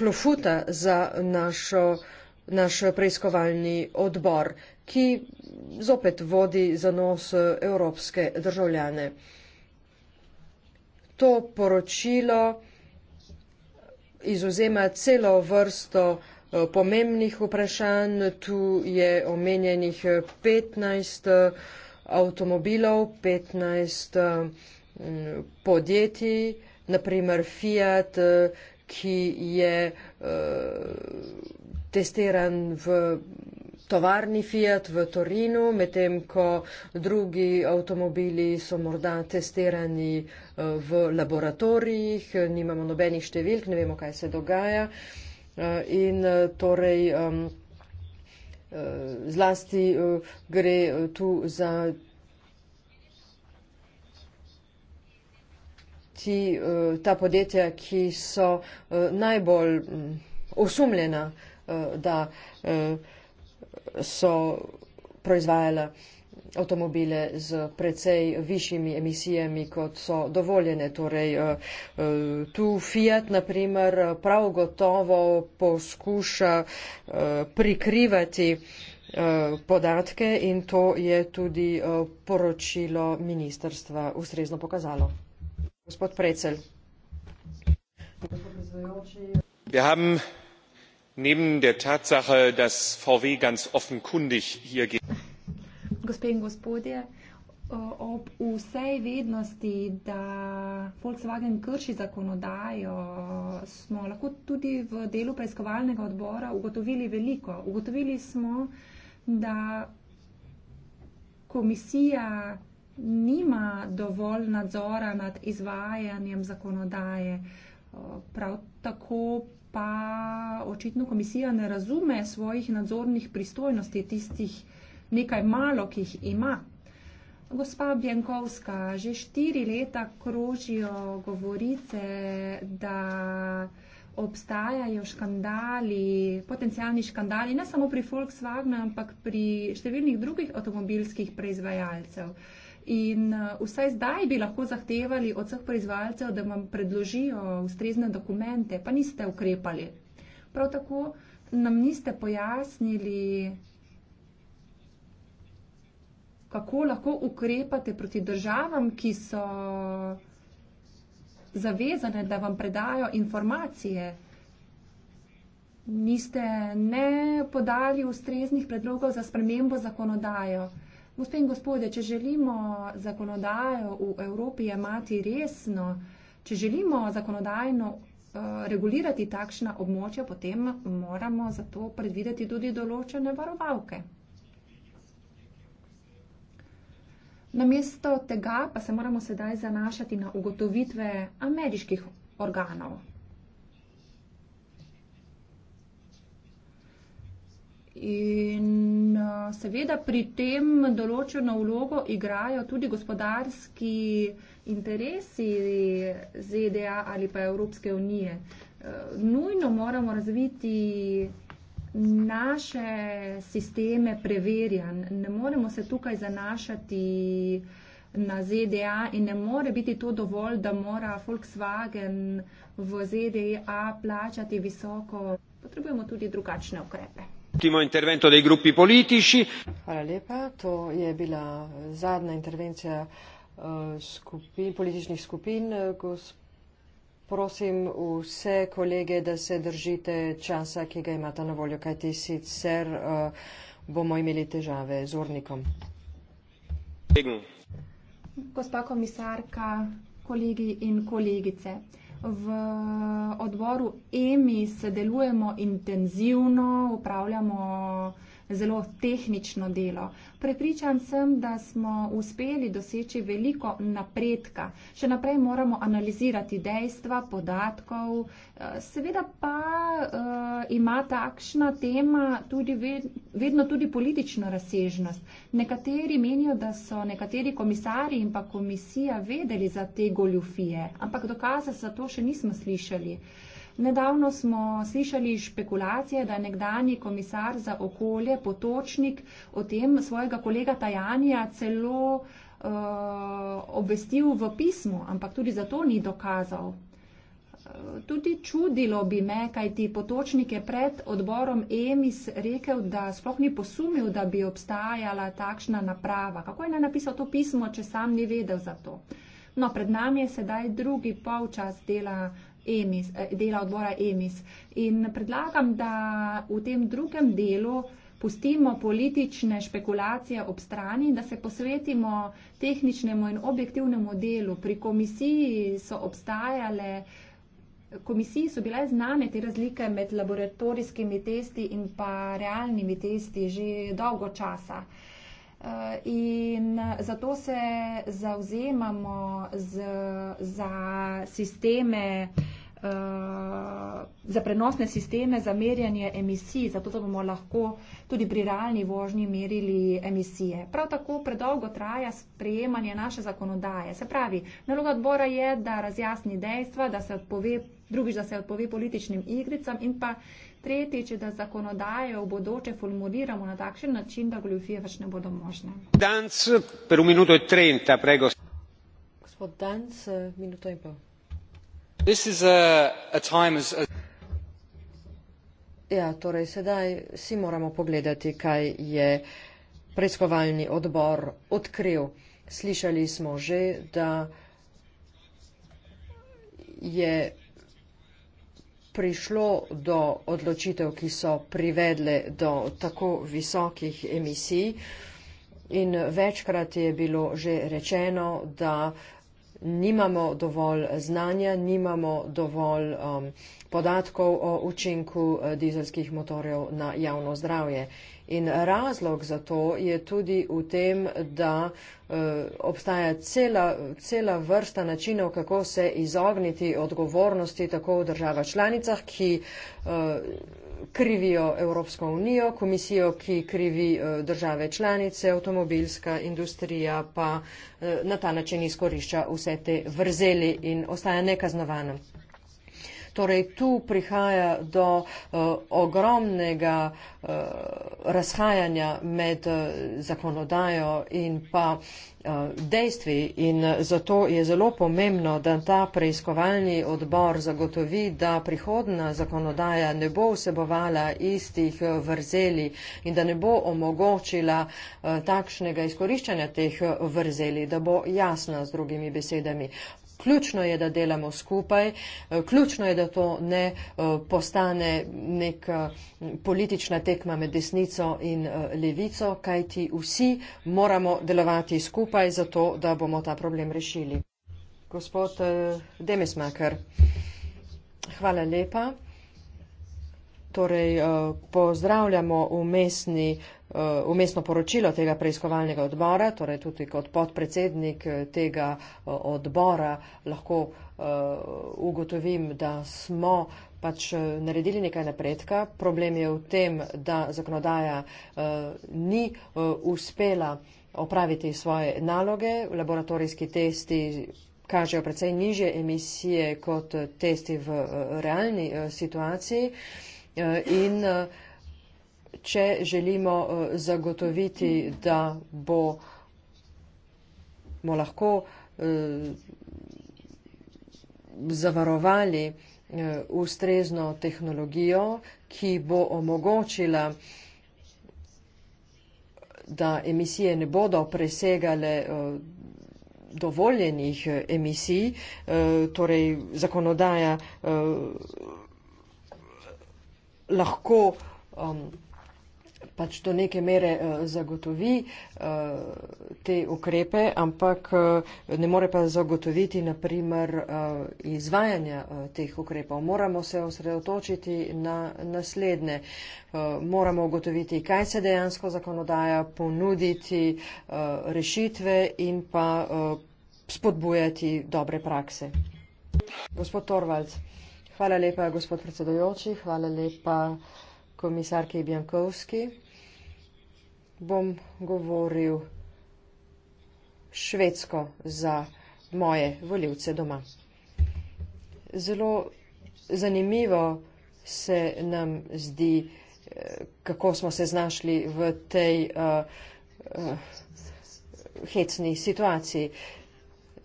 klofuta za našo, naš preiskovalni odbor, ki zopet vodi za nos evropske državljane. To poročilo izuzema celo vrsto eh, pomembnih vprašanj. Tu je omenjenih 15 eh, eh, avtomobilov, 15 podjetij, naprimer Fiat, ki je testiran v tovarni Fiat v Torinu, medtem ko drugi avtomobili so morda testirani eh, v laboratorijih, nimamo nobenih številk, ne vemo, kaj se dogaja. Eh, in eh, torej zlasti gre tu za ti, ta podjetja, ki so najbolj mm, osumljena, da so proizvajale avtomobile z precej višjimi emisijami, kot so dovoljene. Torej, eh, eh, tu Fiat, na primer, prav gotovo poskuša eh, prikrivati podatke in to je tudi poročilo ministerstva ustrezno pokazalo. Gospod Precel. Gospod Wir haben neben der tatsache dass vw ganz offenkundig hier geht Gospe in gospodje, ob vsej vednosti, da Volkswagen krši zakonodajo, smo lahko tudi v delu preiskovalnega odbora ugotovili veliko. Ugotovili smo, da komisija nima dovolj nadzora nad izvajanjem zakonodaje. Prav tako pa očitno komisija ne razume svojih nadzornih pristojnosti, tistih nekaj malo, ki jih ima. Gospa Bjankovska, že štiri leta krožijo govorice, da obstajajo škandali, potencijalni škandali, ne samo pri Volkswagnu, ampak pri številnih drugih avtomobilskih proizvajalcev. In eh, vsaj zdaj bi lahko zahtevali od vseh proizvajalcev, da vam predložijo ustrezne dokumente, pa niste ukrepali. Prav tako nam niste pojasnili, kako lahko ukrepate proti državam, ki so zavezane, da vam predajo informacije. Niste ne podali ustreznih predlogov za spremembo zakonodajo. Gospe in gospode, če želimo zakonodajo v Evropi imati resno, če želimo zakonodajno eh, regulirati takšna območja, potem moramo za to predvideti tudi določene varovalke. Namesto tega pa se moramo sedaj zanašati na ugotovitve ameriških organov. In eh, seveda pri tem določeno vlogo igrajo tudi gospodarski interesi ZDA ali pa Evropske unije. Eh, nujno moramo razviti naše sisteme preverjanj. Ne moremo se tukaj zanašati na ZDA in ne more biti to dovolj, da mora Volkswagen v ZDA plačati visoko. Potrebujemo tudi drugačne ukrepe hvala lepa to je bila zadnja intervencija eh, skupin, političnih skupin eh, prosim vse kolege da se držite časa ki ga imate na voljo kajti sicer eh, bomo imeli težave z urnikom gospa komisarka kolegi in kolegice v odboru EMI sodelujemo intenzivno, upravljamo zelo tehnično delo. Prepričan sem, da smo uspeli doseči veliko napredka. Še naprej moramo analizirati dejstva, podatkov. Eh, seveda pa uh, ima takšna tema tudi vedno tudi politično razsežnost. Nekateri menijo, da so nekateri komisari in pa komisija vedeli za te goljufije, ampak dokaza za to še nismo slišali. Nedavno smo slišali špekulacije, da nekdani komisar za okolje, potočnik, o tem svojega kolega Tajanja celo uh, obvestil v pismu, ampak tudi za to ni dokazal. Eh, tudi čudilo bi me, kaj ti potočnik je pred odborom EMIS rekel, da sploh ni posumil, da bi obstajala takšna naprava. Kako je naj napisal to pismo, če sam ni vedel za to? No, pred nami je sedaj drugi polčas dela EMIS, eh, dela odbora EMIS. In predlagam, da v tem drugem delu pustimo politične špekulacije ob strani in da se posvetimo tehničnemu in objektivnemu delu. Pri komisiji so obstajale, komisiji so bile znane te razlike med laboratorijskimi testi in pa realnimi testi že dolgo časa. Uh, Eh, in zato se zauzemamo z, za sisteme, eh, za prenosne sisteme za merjanje emisij, zato da bomo lahko tudi pri realni vožnji merili emisije. Prav tako predolgo traja sprejemanje naše zakonodaje. Se pravi, naloga odbora je, da razjasni dejstva, da se odpove, drugič, da se odpove političnim igricam in pa Tretjič, da zakonodajo v bodoče formuliramo na takšen način, da goljufije več ne bodo možne. Danc, per un minuto e trenta, prego. Gospod Danc, minuto in pol. This is a, a time as... A... Ja, torej sedaj si moramo pogledati, kaj je preiskovalni odbor odkril. Slišali smo že, da je prišlo do odločitev, ki so privedle do tako visokih emisij. In večkrat je bilo že rečeno, da nimamo dovolj znanja, nimamo dovolj um, podatkov o učinku eh, dizelskih motorjev na javno zdravje. In razlog za to je tudi v tem, da eh, obstaja cela, cela vrsta načinov, kako se izogniti odgovornosti tako v državah članicah, ki eh, krivijo Evropsko unijo, komisijo, ki krivi eh, države članice, avtomobilska industrija pa na ta način izkorišča vse te vrzeli in ostaja nekaznovana. Torej, tu prihaja do uh, ogromnega uh, razhajanja med uh, zakonodajo in pa dejstvi in zato je zelo pomembno, da ta preiskovalni odbor zagotovi, da prihodna zakonodaja ne bo vsebovala istih vrzeli in da ne bo omogočila takšnega izkoriščanja teh vrzeli, da bo jasna z drugimi besedami. Ključno je, da delamo skupaj, eh, ključno je, da to ne eh, postane neka eh, politična tekma med desnico in levico, kajti vsi moramo delovati skupaj za to, da bomo ta problem rešili. Gospod Demesmaker, hvala lepa. Torej, pozdravljamo umestni Eh, umestno poročilo tega preiskovalnega odbora, torej tudi kot podpredsednik eh, tega eh, odbora lahko ugotovim, da smo pač naredili nekaj napredka. Problem je v tem, da zakonodaja ni uspela opraviti svoje naloge, laboratorijski testi kažejo precej nižje emisije kot testi v realni situaciji in če želimo eh, zagotoviti, da bo, bo lahko eh, zavarovali eh, ustrezno tehnologijo, ki bo omogočila, da emisije ne bodo presegale dovoljenih emisij, torej zakonodaja lahko um, pač do neke mere eh, zagotovi eh, te ukrepe, ampak eh, ne more pa zagotoviti naprimer izvajanja teh ukrepov. Moramo se osredotočiti na naslednje. Moramo ugotoviti, kaj se dejansko zakonodaja, ponuditi rešitve in pa spodbujati dobre prakse. Gospod Torvalc, hvala lepa gospod predsedojoči, hvala lepa komisarki Bjankovski bom govoril švedsko za moje voljivce doma. Zelo zanimivo se nam zdi, eh, kako smo se znašli v tej uh, uh, hecni situaciji.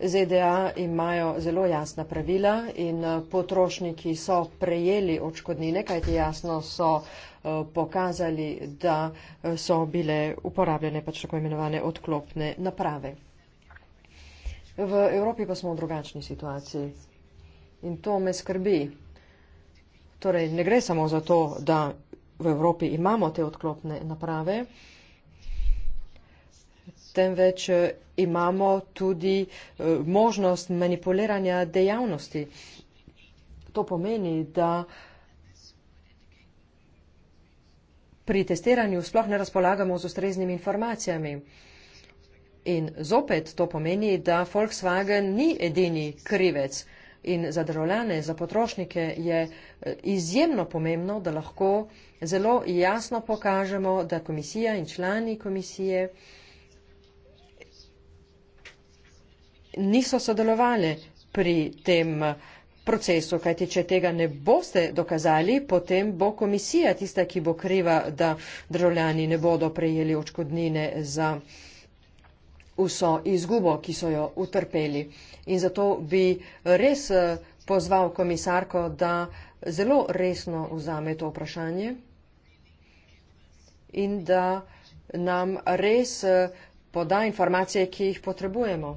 ZDA e imajo zelo jasna pravila in potrošniki so prejeli očkodnine, kajti jasno so uh, Eh, pokazali, da eh, so bile uporabljene pač tako imenovane odklopne naprave. V Evropi pa smo v drugačni situaciji in to me skrbi. Torej, ne gre samo za to, da v Evropi imamo te odklopne naprave, temveč eh, imamo tudi možnost manipuliranja dejavnosti. To pomeni, da uh, pri testiranju sploh ne razpolagamo z ustreznimi informacijami. In zopet to pomeni, da Volkswagen ni edini krivec. In za državljane, za potrošnike je eh, izjemno pomembno, da lahko zelo jasno pokažemo, da komisija in člani komisije niso sodelovali pri tem uh, procesu, kajti če tega ne boste dokazali, potem bo komisija tista, ki bo kriva, da državljani ne bodo prejeli očkodnine za vso izgubo, ki so jo utrpeli. In zato bi res eh, pozval komisarko, da zelo resno vzame to vprašanje in da nam res eh, poda informacije, ki jih potrebujemo.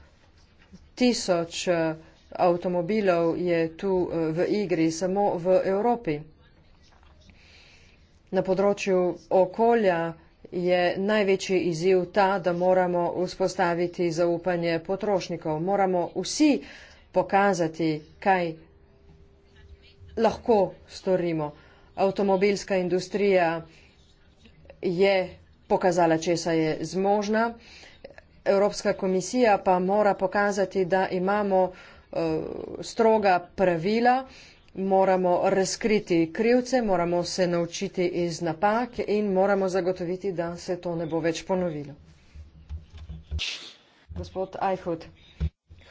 tisoč eh, avtomobilov je tu eh, v igri samo v Evropi. Na področju okolja je največji izziv ta, da moramo vzpostaviti zaupanje potrošnikov. Moramo vsi pokazati, kaj lahko storimo. Avtomobilska industrija je pokazala, česa je zmožna. Evropska komisija pa mora pokazati, da imamo eh, stroga pravila, moramo razkriti krivce, moramo se naučiti iz napak in moramo zagotoviti, da se to ne bo več ponovilo. Gospod Ajhud.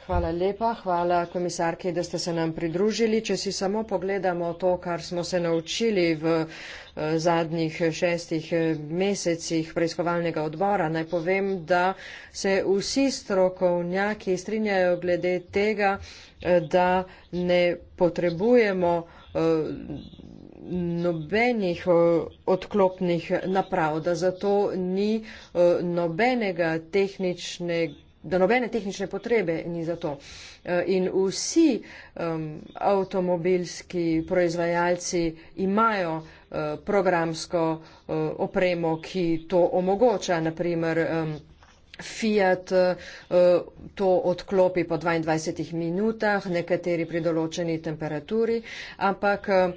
Hvala lepa, hvala komisarki, da ste se nam pridružili. Če si samo pogledamo to, kar smo se naučili v eh, zadnjih šestih eh, mesecih preiskovalnega odbora, naj povem, da se vsi strokovnjaki strinjajo glede tega, eh, da ne potrebujemo nobenih odklopnih naprav, da zato ni nobenega tehničnega da nobene tehnične potrebe ni za to. Eh, in vsi um, avtomobilski proizvajalci imajo uh, programsko uh, opremo, ki to omogoča, naprimer. Um, Fiat uh, to odklopi po 22 minutah, nekateri pri določeni temperaturi, ampak uh,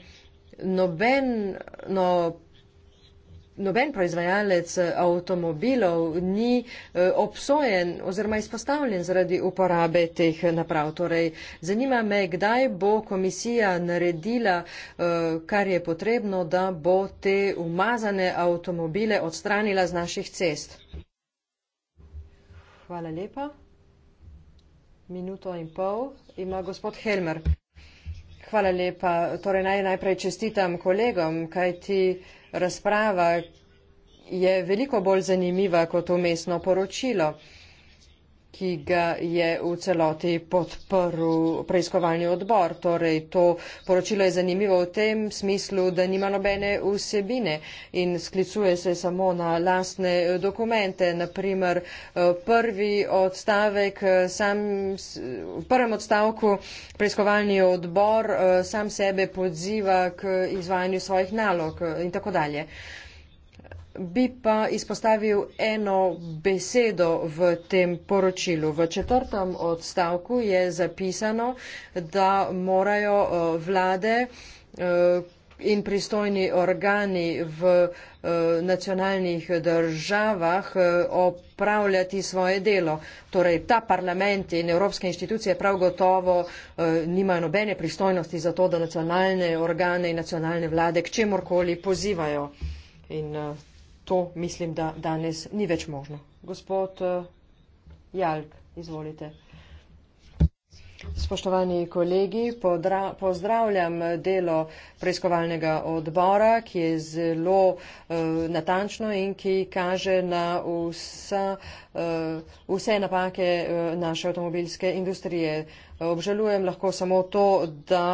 nobeno noben proizvajalec eh, avtomobilov ni eh, obsojen oziroma izpostavljen zaradi uporabe teh eh, naprav. Torej, zanima me, kdaj bo komisija naredila, kar je potrebno, da bo te umazane avtomobile odstranila z naših cest. Hvala lepa. Minuto in pol ima gospod Helmer. Hvala lepa. Torej, naj najprej čestitam kolegom, kaj ti razprava je veliko bolj zanimiva kot umestno poročilo ki ga je v celoti podprl preiskovalni odbor. Torej, to poročilo je zanimivo v tem smislu, da nima nobene vsebine in sklicuje se samo na lastne dokumente. Naprimer, prvi odstavek, sam, v prvem odstavku preiskovalni odbor eh, sam sebe podziva k izvajanju svojih nalog eh, in tako dalje bi pa izpostavil eno besedo v tem poročilu. V četrtem odstavku je zapisano, da morajo eh, vlade eh, in pristojni organi v eh, nacionalnih državah opravljati svoje delo. Torej, ta parlament in evropske inštitucije prav gotovo nimajo nobene pristojnosti za to, da nacionalne organe in nacionalne vlade k čemorkoli pozivajo. In to mislim, da danes ni več možno. Gospod eh, Jalk, izvolite. Spoštovani kolegi, pozdravljam delo preiskovalnega odbora, ki je zelo eh, natančno in ki kaže na vsa, eh, vse napake naše avtomobilske industrije. Obžalujem lahko samo to, da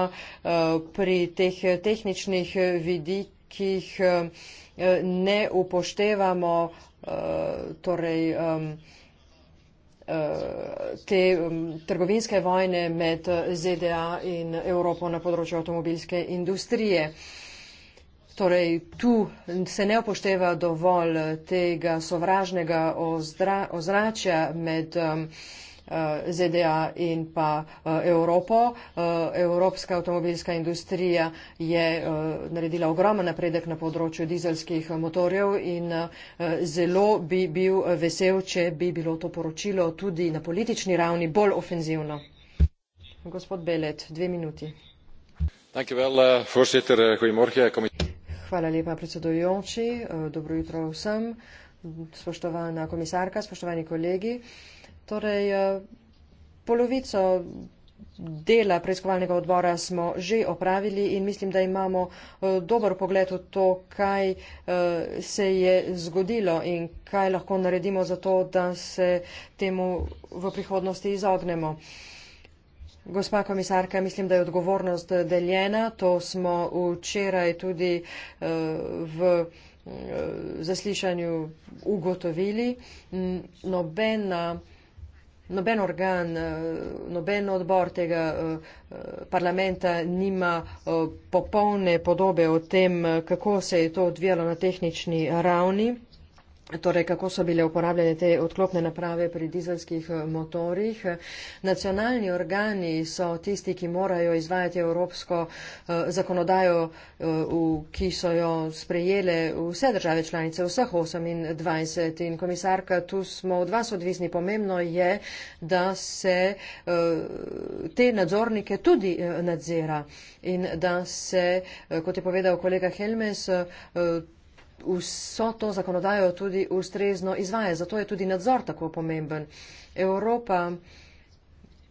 pri teh tehničnih vidikih Eh, ne upoštevamo eh, torej, eh, te trgovinske vojne med ZDA in Evropo na področju avtomobilske industrije. Torej, tu se ne upošteva dovolj tega sovražnega ozračja med um, Eh, ZDA in pa eh, Evropo. Eh, evropska avtomobilska industrija je naredila ogromen napredek na področju dizelskih motorjev in zelo bi bil vesel, če bi bilo to poročilo tudi na politični ravni bolj ofenzivno. Gospod Belet, dve minuti. Hvala lepa, predsedojoči. Dobro jutro vsem. Spoštovana komisarka, spoštovani kolegi. Torej, eh, polovico dela preiskovalnega odbora smo že opravili in mislim, da imamo eh, dober pogled v to, kaj eh, se je zgodilo in kaj lahko naredimo za to, da se temu v prihodnosti izognemo. Gospa komisarka, mislim, da je odgovornost deljena. To smo včeraj tudi v zaslišanju ugotovili. Nobena noben organ, eh, noben odbor tega eh, eh, parlamenta nima popolne podobe o tem, kako se je to odvijalo na tehnični ravni. Torej, kako so bile uporabljene te odklopne naprave pri dizelskih eh, motorjih. Nacionalni organi so tisti, ki morajo izvajati evropsko eh, zakonodajo, eh, ki so jo sprejele vse države članice, vseh 28. In komisarka, tu smo od vas odvisni. Pomembno je, da se te nadzornike tudi nadzira in da se, kot je povedal kolega Helmes, vso to zakonodajo tudi ustrezno izvaja. Zato je tudi nadzor tako pomemben. Evropa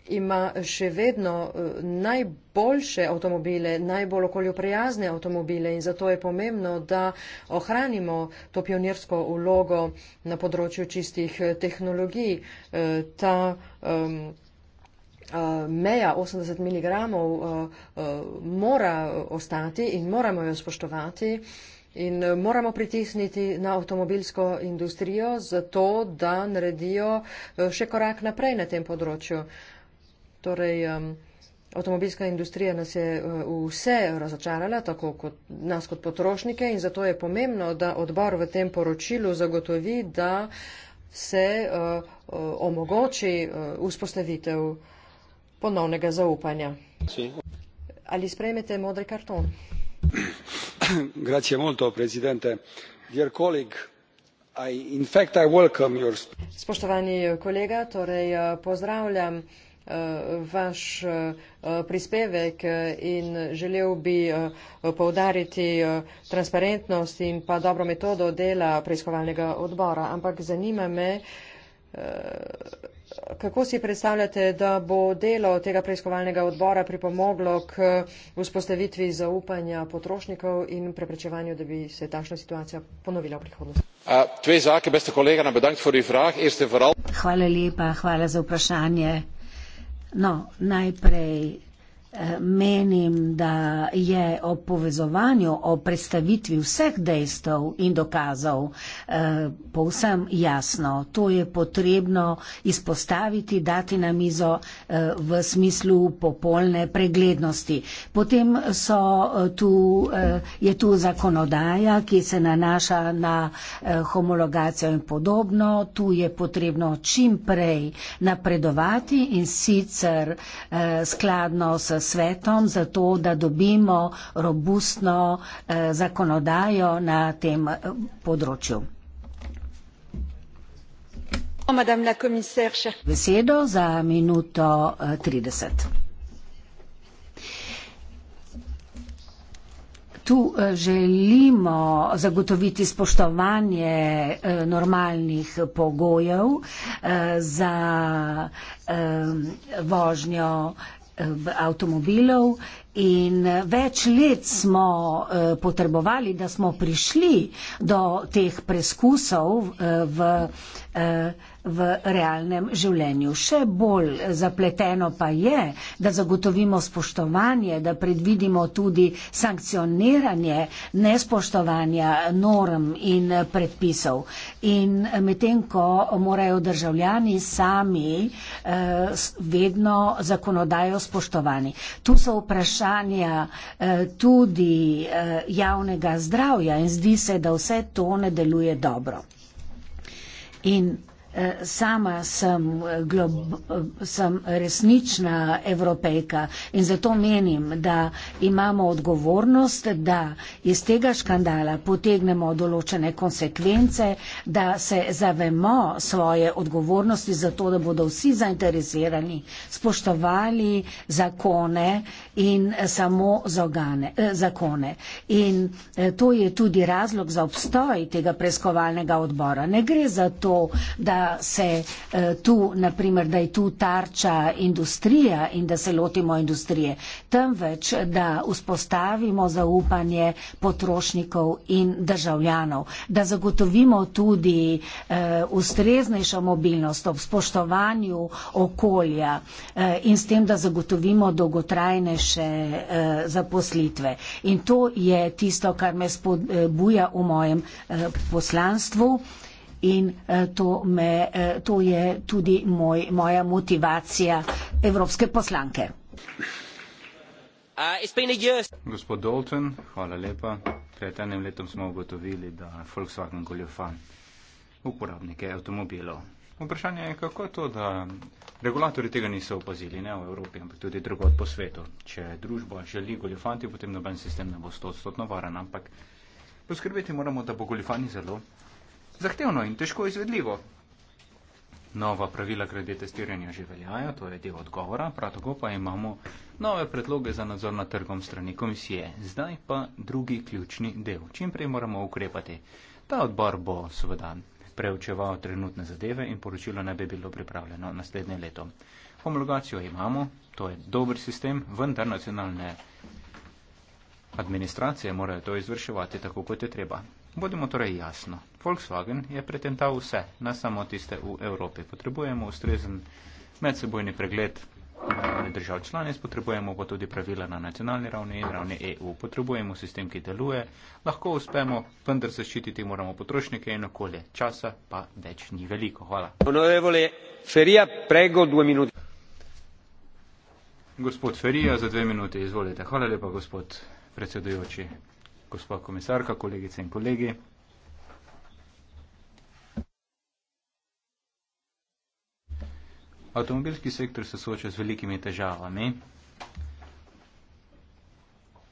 ima še vedno eh, najboljše avtomobile, najbolj okolju prijazne avtomobile in zato je pomembno, da ohranimo to pionirsko ulogo na področju čistih eh, tehnologij. Eh, ta um, meja 80 mg uh, uh, mora ostati in moramo jo spoštovati. Uh, In eh, moramo pritisniti na avtomobilsko industrijo zato, da naredijo eh, še korak naprej na tem področju. Torej, um, avtomobilska industrija nas je eh, vse razočarala, tako kot nas kot potrošnike in zato je pomembno, da odbor v tem poročilu zagotovi, da se uh, uh, omogoči uh, vzpostavitev ponovnega zaupanja. Si. Ali sprejmete modri karton? <coughs> spoštovani kolega torej eh, pozdravljam eh, vaš eh, prispevek in želel bi poudariti transparentnost in pa dobro metodo dela preiskovalnega odbora ampak zanima me kaj bi bilo če bi se odbor odločil da preiskava ne bo opravljen kako si predstavljate, da bo delo tega preiskovalnega odbora pripomoglo k vzpostavitvi zaupanja potrošnikov in preprečevanju, da bi se takšna situacija ponovila v prihodnosti? Hvala lepa, hvala za vprašanje. No, najprej Menim, da je o povezovanju, o predstavitvi vseh dejstev in dokazov eh, povsem jasno. To je potrebno izpostaviti, dati na mizo eh, v smislu popolne preglednosti. Potem so, eh, tu, eh, je tu zakonodaja, ki se nanaša na eh, homologacijo in podobno. Tu je potrebno čim prej napredovati in sicer eh, skladno s svetom, zato da dobimo robustno eh, zakonodajo na tem eh, področju. Besedo za minuto 30. Eh, tu želimo zagotoviti spoštovanje normalnih pogojev za vožnjo Eh, avtomobilov In več let smo eh, potrebovali, da smo prišli do teh preskusov eh, v, eh, v realnem življenju. Še bolj zapleteno pa je, da zagotovimo spoštovanje, da predvidimo tudi sankcioniranje nespoštovanja norm in predpisov. In medtem, ko morajo državljani sami vedno zakonodajo spoštovani. Tu so vprašanje, vprašanja eh, tudi eh, javnega zdravja in zdi se, da vse to ne deluje dobro. In Eh, sama sem, eh, glob, sem resnična evropejka in zato menim, da imamo odgovornost, da iz tega škandala potegnemo določene konsekvence, da se zavemo svoje odgovornosti za to, da bodo vsi zainteresirani spoštovali zakone in samo zogane, eh, zakone. In eh, to je tudi razlog za obstoj tega preiskovalnega odbora. Ne gre za to, da se eh, tu, naprimer, da je tu tarča industrija in da se lotimo industrije, temveč, da vzpostavimo zaupanje potrošnikov in državljanov, da zagotovimo tudi eh, ustreznejšo mobilnost ob spoštovanju okolja eh, in s tem, da zagotovimo dolgotrajnejše zaposlitve. In to je tisto, kar me spodbuja v mojem poslanstvu in eh, to, me, eh, to je tudi moj, moja motivacija evropske poslanke. Uh, Gospod Dalton, hvala lepa. Pred enim letom smo ugotovili, da Volkswagen goljofan uporabnike avtomobilov. Vprašanje je, kako je to, da regulatori tega niso opazili, ne v Evropi, ampak tudi drugod po svetu. Če družba želi goljofanti, potem noben sistem ne bo 100% varen, ampak poskrbeti moramo, da bo goljofani zelo zahtevno in težko izvedljivo. Nova pravila glede testiranja že veljajo, to je del odgovora, prav tako pa imamo nove predloge za nadzor nad trgom strani komisije. Zdaj pa drugi ključni del. Čim prej moramo ukrepati. Ta odbor bo seveda preučeval trenutne zadeve in poročilo naj bi bilo pripravljeno naslednje leto. Homologacijo imamo, to je dober sistem, vendar nacionalne administracije morajo to izvrševati tako, kot je treba. Bodimo torej jasno. Volkswagen je pretental vse, ne samo tiste v Evropi. Potrebujemo ustrezen medsebojni pregled držav članic, potrebujemo pa tudi pravila na nacionalni ravni in ravni EU. Potrebujemo sistem, ki deluje, lahko uspemo, vendar zaščititi moramo potrošnike in okolje. Časa pa več ni veliko. Hvala. Gospod Ferija, za dve minute izvolite. Hvala lepa, gospod predsedujoči gospa komisarka, kolegice in kolegi. Avtomobilski sektor se sooča z velikimi težavami.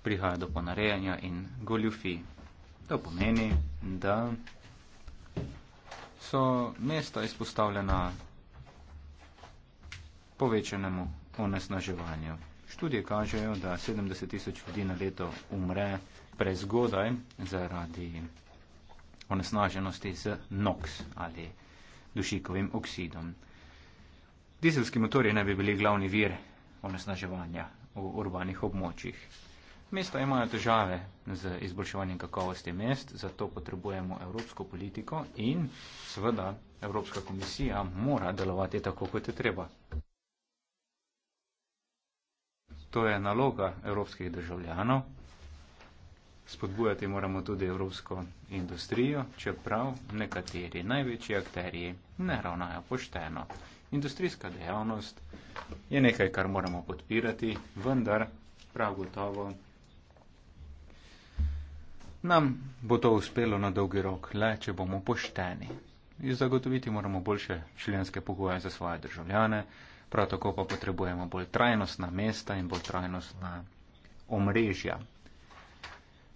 Prihaja do ponarejanja in goljufi. To pomeni, da so mesta izpostavljena povečanemu onesnaževanju. Študije kažejo, da 70 tisoč ljudi na leto umre prezgodaj zaradi onesnaženosti z NOX ali dušikovim oksidom. Dizelski motori naj bi bili glavni vir onesnaževanja v urbanih območjih. Mesta imajo težave z izboljševanjem kakovosti mest, zato potrebujemo evropsko politiko in seveda Evropska komisija mora delovati tako, kot je treba. To je naloga evropskih državljanov. Spodbujati moramo tudi evropsko industrijo, čeprav nekateri največji akteriji ne ravnajo pošteno. Industrijska dejavnost je nekaj, kar moramo podpirati, vendar prav gotovo nam bo to uspelo na dolgi rok, le če bomo pošteni. In zagotoviti moramo boljše členske pogoje za svoje državljane, prav tako pa potrebujemo bolj trajnostna mesta in bolj trajnostna omrežja.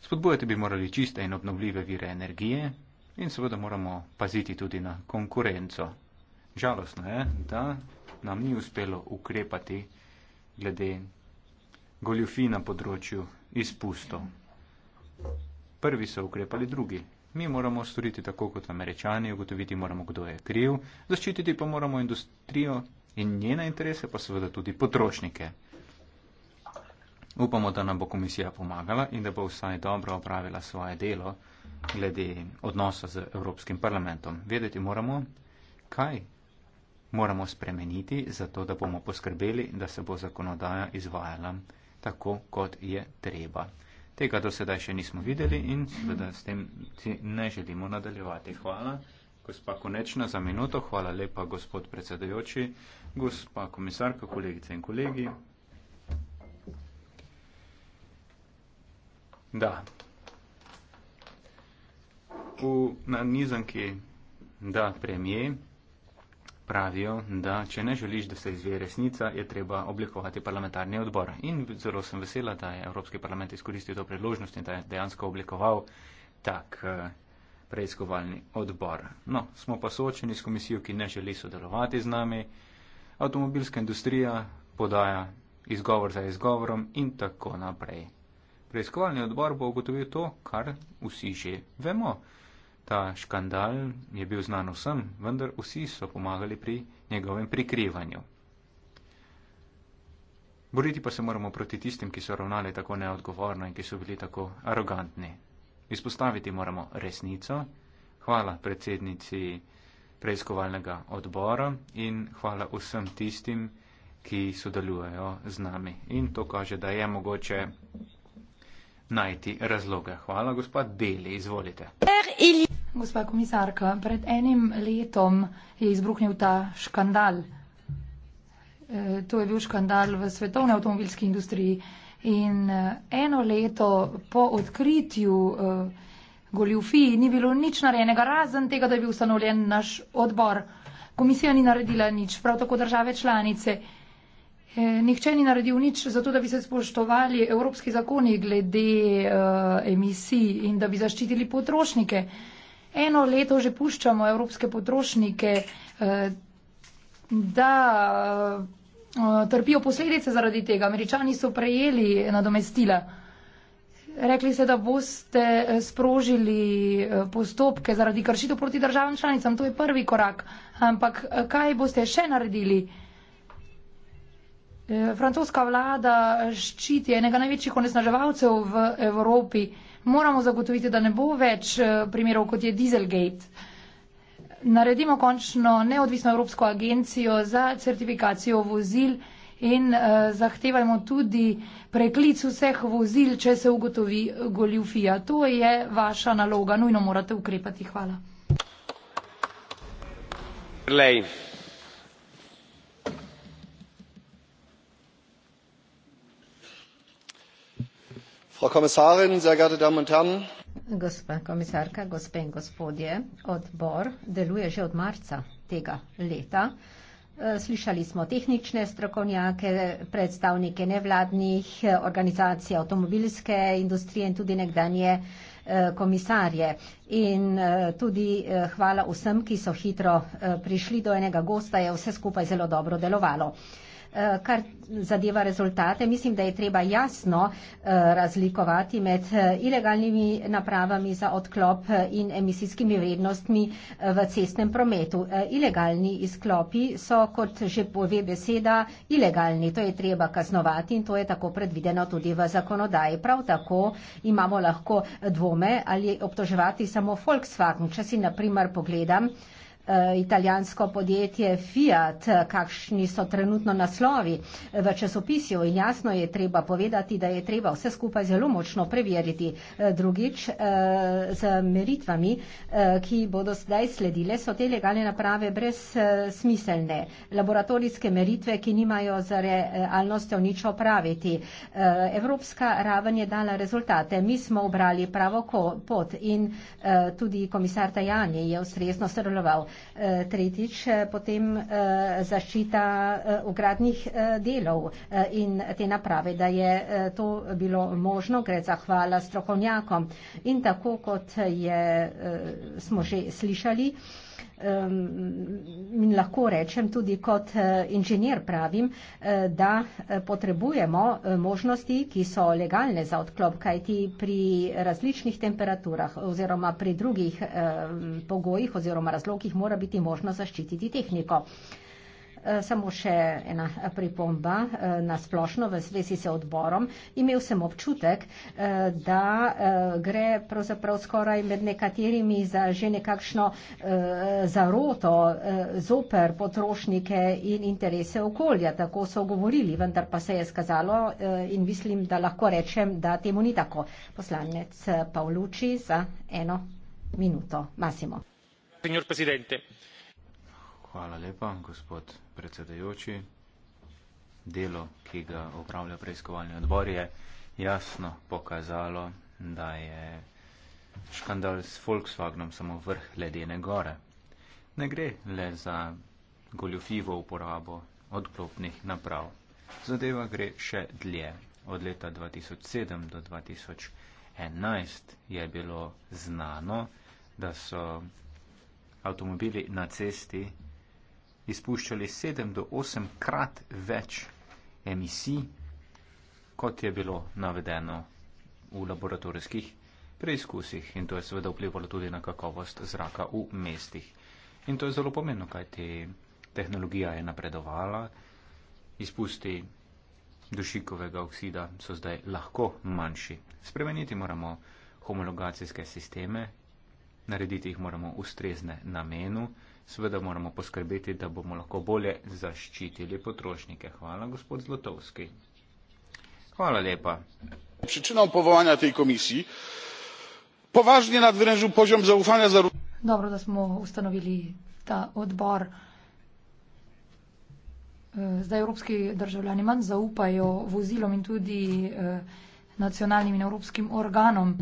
Spodbujati bi morali čiste in obnovljive vire energije in seveda moramo paziti tudi na konkurenco. Žalostno je, da nam ni uspelo ukrepati glede goljufi na področju izpustov. Prvi so ukrepali drugi. Mi moramo storiti tako kot američani, ugotoviti moramo, kdo je kriv, zaščititi pa moramo industrijo in njene interese, pa seveda tudi potrošnike. Upamo, da nam bo komisija pomagala in da bo vsaj dobro opravila svoje delo glede odnosa z Evropskim parlamentom. Vedeti moramo, kaj moramo spremeniti, zato da bomo poskrbeli, da se bo zakonodaja izvajala tako, kot je treba. Tega do sedaj še nismo videli in seveda s tem ne želimo nadaljevati. Hvala, gospa Konečna, za minuto. Hvala lepa, gospod predsedajoči. Gospa komisarka, kolegice in kolegi. Da. V nanizanki, da premijej, pravijo, da če ne želiš, da se izvije resnica, je treba oblikovati parlamentarni odbor. In zelo sem vesela, da je Evropski parlament izkoristil to predložnost in da je dejansko oblikoval tak eh, preiskovalni odbor. No, smo pa soočeni s komisijo, ki ne želi sodelovati z nami avtomobilska industrija podaja izgovor za izgovorom in tako naprej. Preiskovalni odbor bo ugotovil to, kar vsi že vemo. Ta škandal je bil znan vsem, vendar vsi so pomagali pri njegovem prikrivanju. Boriti pa se moramo proti tistim, ki so ravnali tako neodgovorno in ki so bili tako arogantni. Izpostaviti moramo resnico. Hvala predsednici preiskovalnega odbora in hvala vsem tistim, ki sodelujejo z nami. In to kaže, da je mogoče najti razloge. Hvala, gospod Deli, izvolite. Gospa komisarka, pred enim letom je izbruhnil ta škandal. E, to je bil škandal v svetovni avtomobilski industriji. In e, eno leto po odkritju. E, goljufiji ni bilo nič narejenega, razen tega, da je bil ustanovljen naš odbor. Komisija ni naredila nič, prav tako države članice. E, nihče ni naredil nič zato, da bi se spoštovali evropski zakoni glede e, emisij in da bi zaščitili potrošnike. Eno leto že puščamo evropske potrošnike, e, da e, trpijo posledice zaradi tega. Američani so prejeli nadomestila. Rekli ste, da boste eh, sprožili eh, postopke zaradi kršitev proti državam članicam. To je prvi korak. Ampak eh, kaj boste še naredili? Francoska vlada ščiti enega največjih onesnaževalcev v Evropi. Moramo zagotoviti, da ne bo več primerov, kot je Dieselgate. Naredimo končno neodvisno Evropsko agencijo za certifikacijo vozil in zahtevajmo tudi preklic vseh vozil, če se ugotovi goljufija. To je vaša naloga, nujno morate ukrepati. Hvala. Lej. Frau Kommissarin, sehr geehrte Damen und Herren. Gospa komisarka, gospe in gospodje, odbor deluje že od marca tega leta. Slišali smo tehnične strokovnjake, predstavnike nevladnih eh, organizacij, avtomobilske industrije in tudi nekdanje eh, komisarje. In eh, tudi hvala vsem, ki so hitro prišli do enega gosta, je vse skupaj zelo dobro delovalo. Eh, kar zadeva rezultate, mislim, da je treba jasno eh, razlikovati med eh, ilegalnimi napravami za odklop in emisijskimi vrednostmi v cestnem prometu. Ilegalni izklopi so, kot že pove beseda, ilegalni. To je treba kaznovati in to je tako predvideno tudi v zakonodaji. Prav tako imamo lahko dvome ali obtoževati samo Volkswagen. Če si na primer pogledam, Eh, italijansko podjetje Fiat, kakšni so trenutno naslovi eh, v časopisju in jasno je treba povedati, da je treba vse skupaj zelo močno preveriti. Eh, drugič, z meritvami, ki bodo zdaj sledile, so te legalne naprave brez smiselne. Laboratorijske meritve, ki nimajo z realnostjo nič opraviti. Evropska raven je dala rezultate. Mi smo obrali pravo pot in tudi komisar Tajani je ustrezno sodeloval. Eh, tretjič eh, potem eh, zaščita ugradnih delov in te naprave, da je to bilo možno, gre za hvala strokovnjakom. In tako kot je, smo že slišali, um, in lahko rečem tudi kot eh, inženir pravim, eh, da eh, potrebujemo možnosti, ki so legalne za odklop, kajti pri različnih temperaturah oziroma pri drugih um, pogojih oziroma razlogih mora biti možno zaščititi tehniko. Uh, Eh, samo še ena eh, pripomba eh, na splošno v zvezi s odborom. Imel sem občutek, da gre pravzaprav skoraj med nekaterimi za že nekakšno zaroto zoper potrošnike in interese okolja. Tako so govorili, vendar pa se je skazalo in mislim, da lahko rečem, da temu ni tako. Poslanec Pavluči za eno minuto. Masimo. Hvala lepa, gospod predsedajoči. Delo, ki ga upravlja preiskovalni odbor, je jasno pokazalo, da je škandal s Volkswagnom samo vrh ledene gore. Ne gre le za goljofivo uporabo odklopnih naprav. Zadeva gre še dlje. Od leta 2007 do 2011 je bilo znano, da so avtomobili na cesti izpuščali 7 do 8 krat več emisij, kot je bilo navedeno v laboratorijskih preizkusih. In to je seveda vplivalo tudi na kakovost zraka v mestih. In to je zelo pomembno, kajti tehnologija je napredovala, izpusti dušikovega oksida so zdaj lahko manjši. Spremeniti moramo homologacijske sisteme, narediti jih moramo ustrezne namenu. Seveda moramo poskrbeti, da bomo lahko bolje zaščitili potrošnike. Hvala, gospod Zlotovski. Hvala lepa. Pričinom povolanja tej komisiji poważnie nadvrnežil požem zaufanja za. Dobro, da smo ustanovili ta odbor. E, zdaj evropski državljani manj zaupajo vozilom in tudi e, nacionalnim in evropskim organom.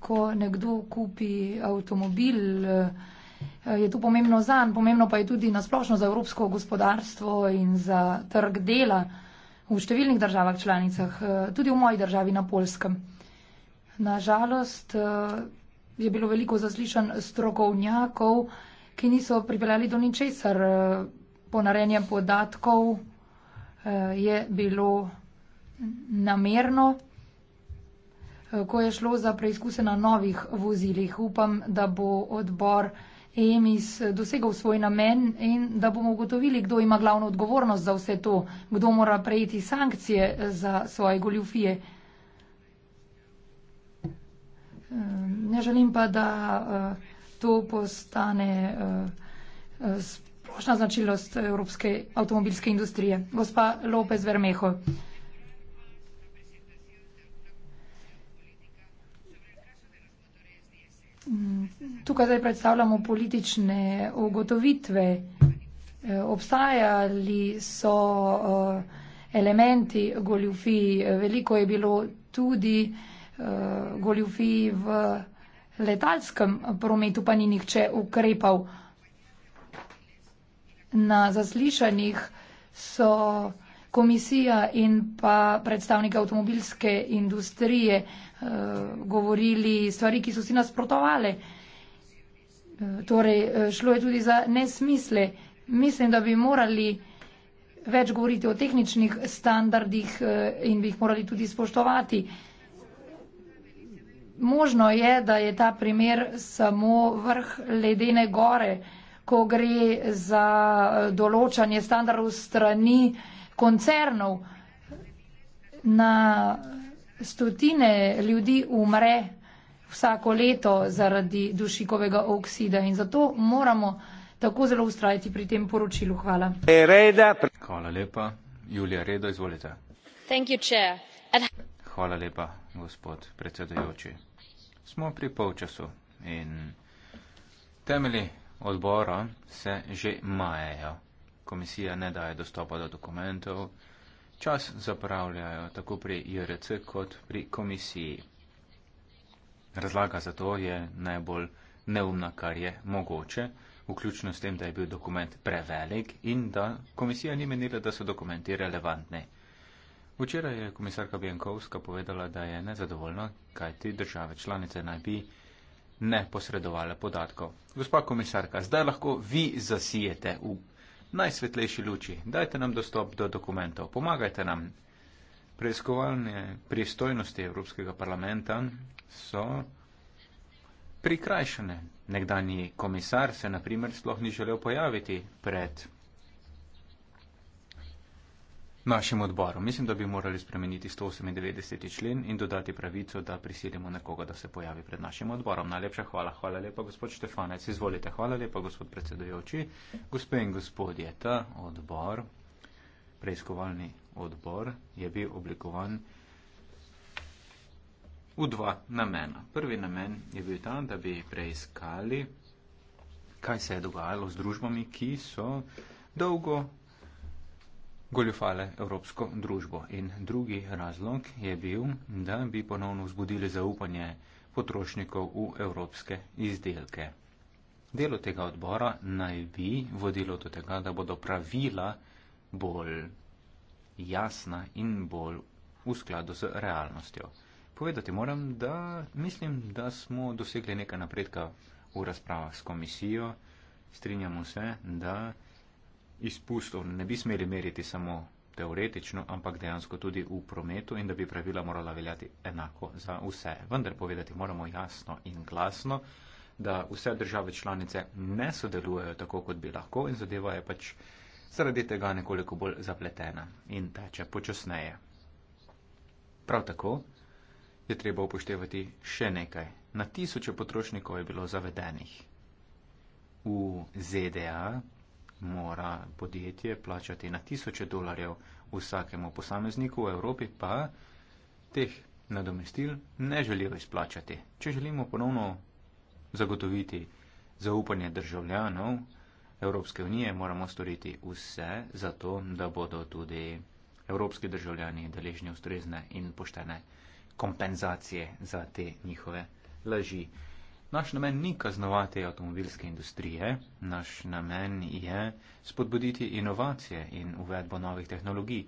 ko nekdo kupi avtomobil, eh, je to pomembno zanj, pomembno pa je tudi nasplošno za evropsko gospodarstvo in za trg dela v številnih državah članicah, eh, tudi v moji državi na Polskem. Nažalost eh, je bilo veliko zaslišan strokovnjakov, ki niso pripeljali do ničesar. Ponarenje podatkov je bilo namerno. Eh, ko je šlo za preizkuse na novih vozilih. Upam, da bo odbor EMIS eh, dosegal svoj namen in da bomo ugotovili, kdo ima glavno odgovornost za vse to, kdo mora prejeti sankcije eh, za svoje goljufije. Ne želim pa, da to postane splošna značilnost evropske avtomobilske industrije. Gospa Lopez Vermeho. Tukaj zdaj predstavljamo politične ugotovitve. Eh, obstajali so eh, elementi goljufij. Veliko je bilo tudi eh, goljufij v letalskem prometu, pa ni nihče ukrepal. Na zaslišanjih so komisija in pa predstavnika avtomobilske industrije uh, govorili stvari, ki so si nasprotovali. Eh, torej, eh, šlo je tudi za nesmisle. Mislim, da bi morali več govoriti o tehničnih standardih in bi jih morali tudi spoštovati. Možno je, da je ta primer samo vrh ledene gore, ko gre za določanje standardov strani uh, koncernov na stotine ljudi umre vsako leto zaradi dušikovega oksida in zato moramo tako zelo ustrajati pri tem poročilu. Hvala. Hvala lepa. Julija Redo, izvolite. Hvala lepa, gospod predsedajoči. Smo pri polčasu in temeli odbora se že majajo komisija ne daje dostopa do dokumentov, čas zapravljajo tako pri IRC kot pri komisiji. Razlaga za to je najbolj neumna, kar je mogoče, vključno s tem, da je bil dokument prevelik in da komisija ni menila, da so dokumenti relevantni. Včeraj je komisarka Bjankovska povedala, da je nezadovoljna, kaj ti države članice naj bi ne posredovale podatkov. Gospa komisarka, zdaj lahko vi zasijete v najsvetlejši luči. Dajte nam dostop do dokumentov, pomagajte nam. Preiskovalne pristojnosti Evropskega parlamenta so prikrajšene. Nekdani komisar se naprimer sploh ni želel pojaviti pred našim odborom. Mislim, da bi morali spremeniti 198. člen in dodati pravico, da prisilimo nekoga, da se pojavi pred našim odborom. Najlepša hvala. Hvala lepa, gospod Štefanec. Izvolite. Hvala lepa, gospod predsedojoči. Gospe in gospodje, ta odbor, preiskovalni odbor, je bil oblikovan v dva namena. Prvi namen je bil ta, da bi preiskali, kaj se je dogajalo z družbami, ki so dolgo goljufale evropsko družbo. In drugi razlog je bil, da bi ponovno vzbudili zaupanje potrošnikov v evropske izdelke. Delo tega odbora naj bi vodilo do tega, da bodo pravila bolj jasna in bolj v skladu z realnostjo. Povedati moram, da mislim, da smo dosegli nekaj napredka v razpravah s komisijo. Strinjamo se, da izpustov ne bi smeli meriti samo teoretično, ampak dejansko tudi v prometu in da bi pravila morala veljati enako za vse. Vendar povedati moramo jasno in glasno, da vse države članice ne sodelujejo tako, kot bi lahko in zadeva je pač zaradi tega nekoliko bolj zapletena in teče počasneje. Prav tako je treba upoštevati še nekaj. Na tisoče potrošnikov je bilo zavedenih. V ZDA mora podjetje plačati na tisoče dolarjev vsakemu posamezniku v Evropi, pa teh nadomestil ne želijo izplačati. Če želimo ponovno zagotoviti zaupanje državljanov Evropske unije, moramo storiti vse za to, da bodo tudi evropski državljani deležni ustrezne in poštene kompenzacije za te njihove laži. Naš namen ni kaznovati avtomobilske industrije, naš namen je spodbuditi inovacije in uvedbo novih tehnologij.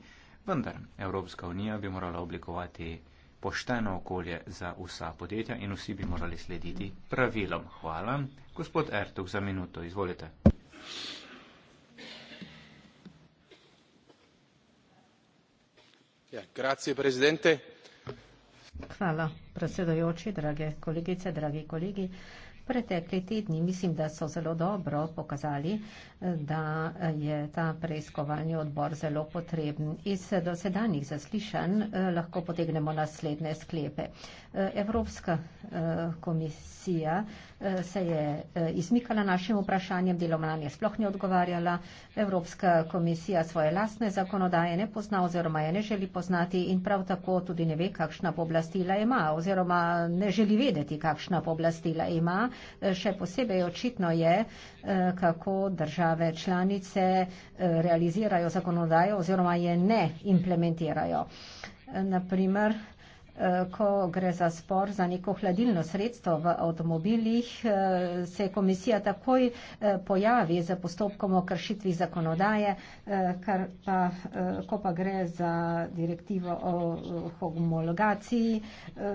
Vendar Evropska unija bi morala oblikovati pošteno okolje za vsa podjetja in vsi bi morali slediti pravilom. Hvala. Gospod Ertug, za minuto, izvolite. Ja, grazie, presidente. Hvala, predsedojoči, drage kolegice, dragi kolegi. Pretekli tedni mislim, da so zelo dobro pokazali, da je ta preiskovalni odbor zelo potreben. Iz dosedanjih zaslišanj eh, lahko potegnemo naslednje sklepe. Eh, Evropska eh, komisija Eh, se je eh, izmikala našim vprašanjem, delovnanje sploh ni odgovarjala, Evropska komisija svoje lastne zakonodaje ne pozna oziroma je ne želi poznati in prav tako tudi ne ve, kakšna poblastila ima oziroma ne želi vedeti, kakšna poblastila ima. Eh, še posebej očitno je, kako države članice realizirajo zakonodajo oziroma je ne implementirajo. Naprimer, ko gre za spor za neko hladilno sredstvo v avtomobilih, eh, se komisija takoj eh, pojavi za postopkom o kršitvi zakonodaje, eh, kar pa, ko pa gre za direktivo o homologaciji,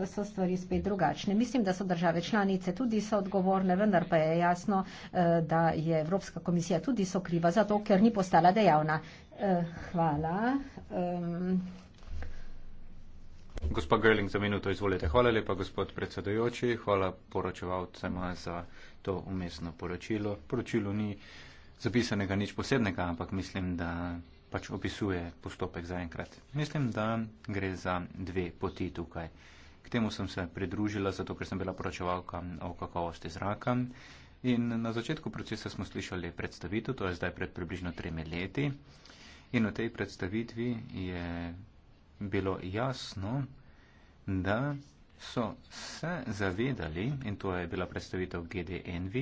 so stvari spet drugačne. Mislim, da so države članice tudi so odgovorne, vendar pa je jasno, da je Evropska komisija tudi sokriva za to, ker ni postala dejavna. Hvala. Hvala. Ehm, Gospa Gerling, za minuto izvolite. Hvala lepa, gospod predsedojoči. Hvala poročevalcema za to umestno poročilo. Poročilo ni zapisanega nič posebnega, ampak mislim, da pač opisuje postopek zaenkrat. Mislim, da gre za dve poti tukaj. K temu sem se pridružila, zato ker sem bila poročevalka o kakovosti zraka. In na začetku procesa smo slišali predstavitev, to je zdaj pred približno tremi leti. In v tej predstavitvi je bilo jasno, da so se zavedali, in to je bila predstavitev GDNV,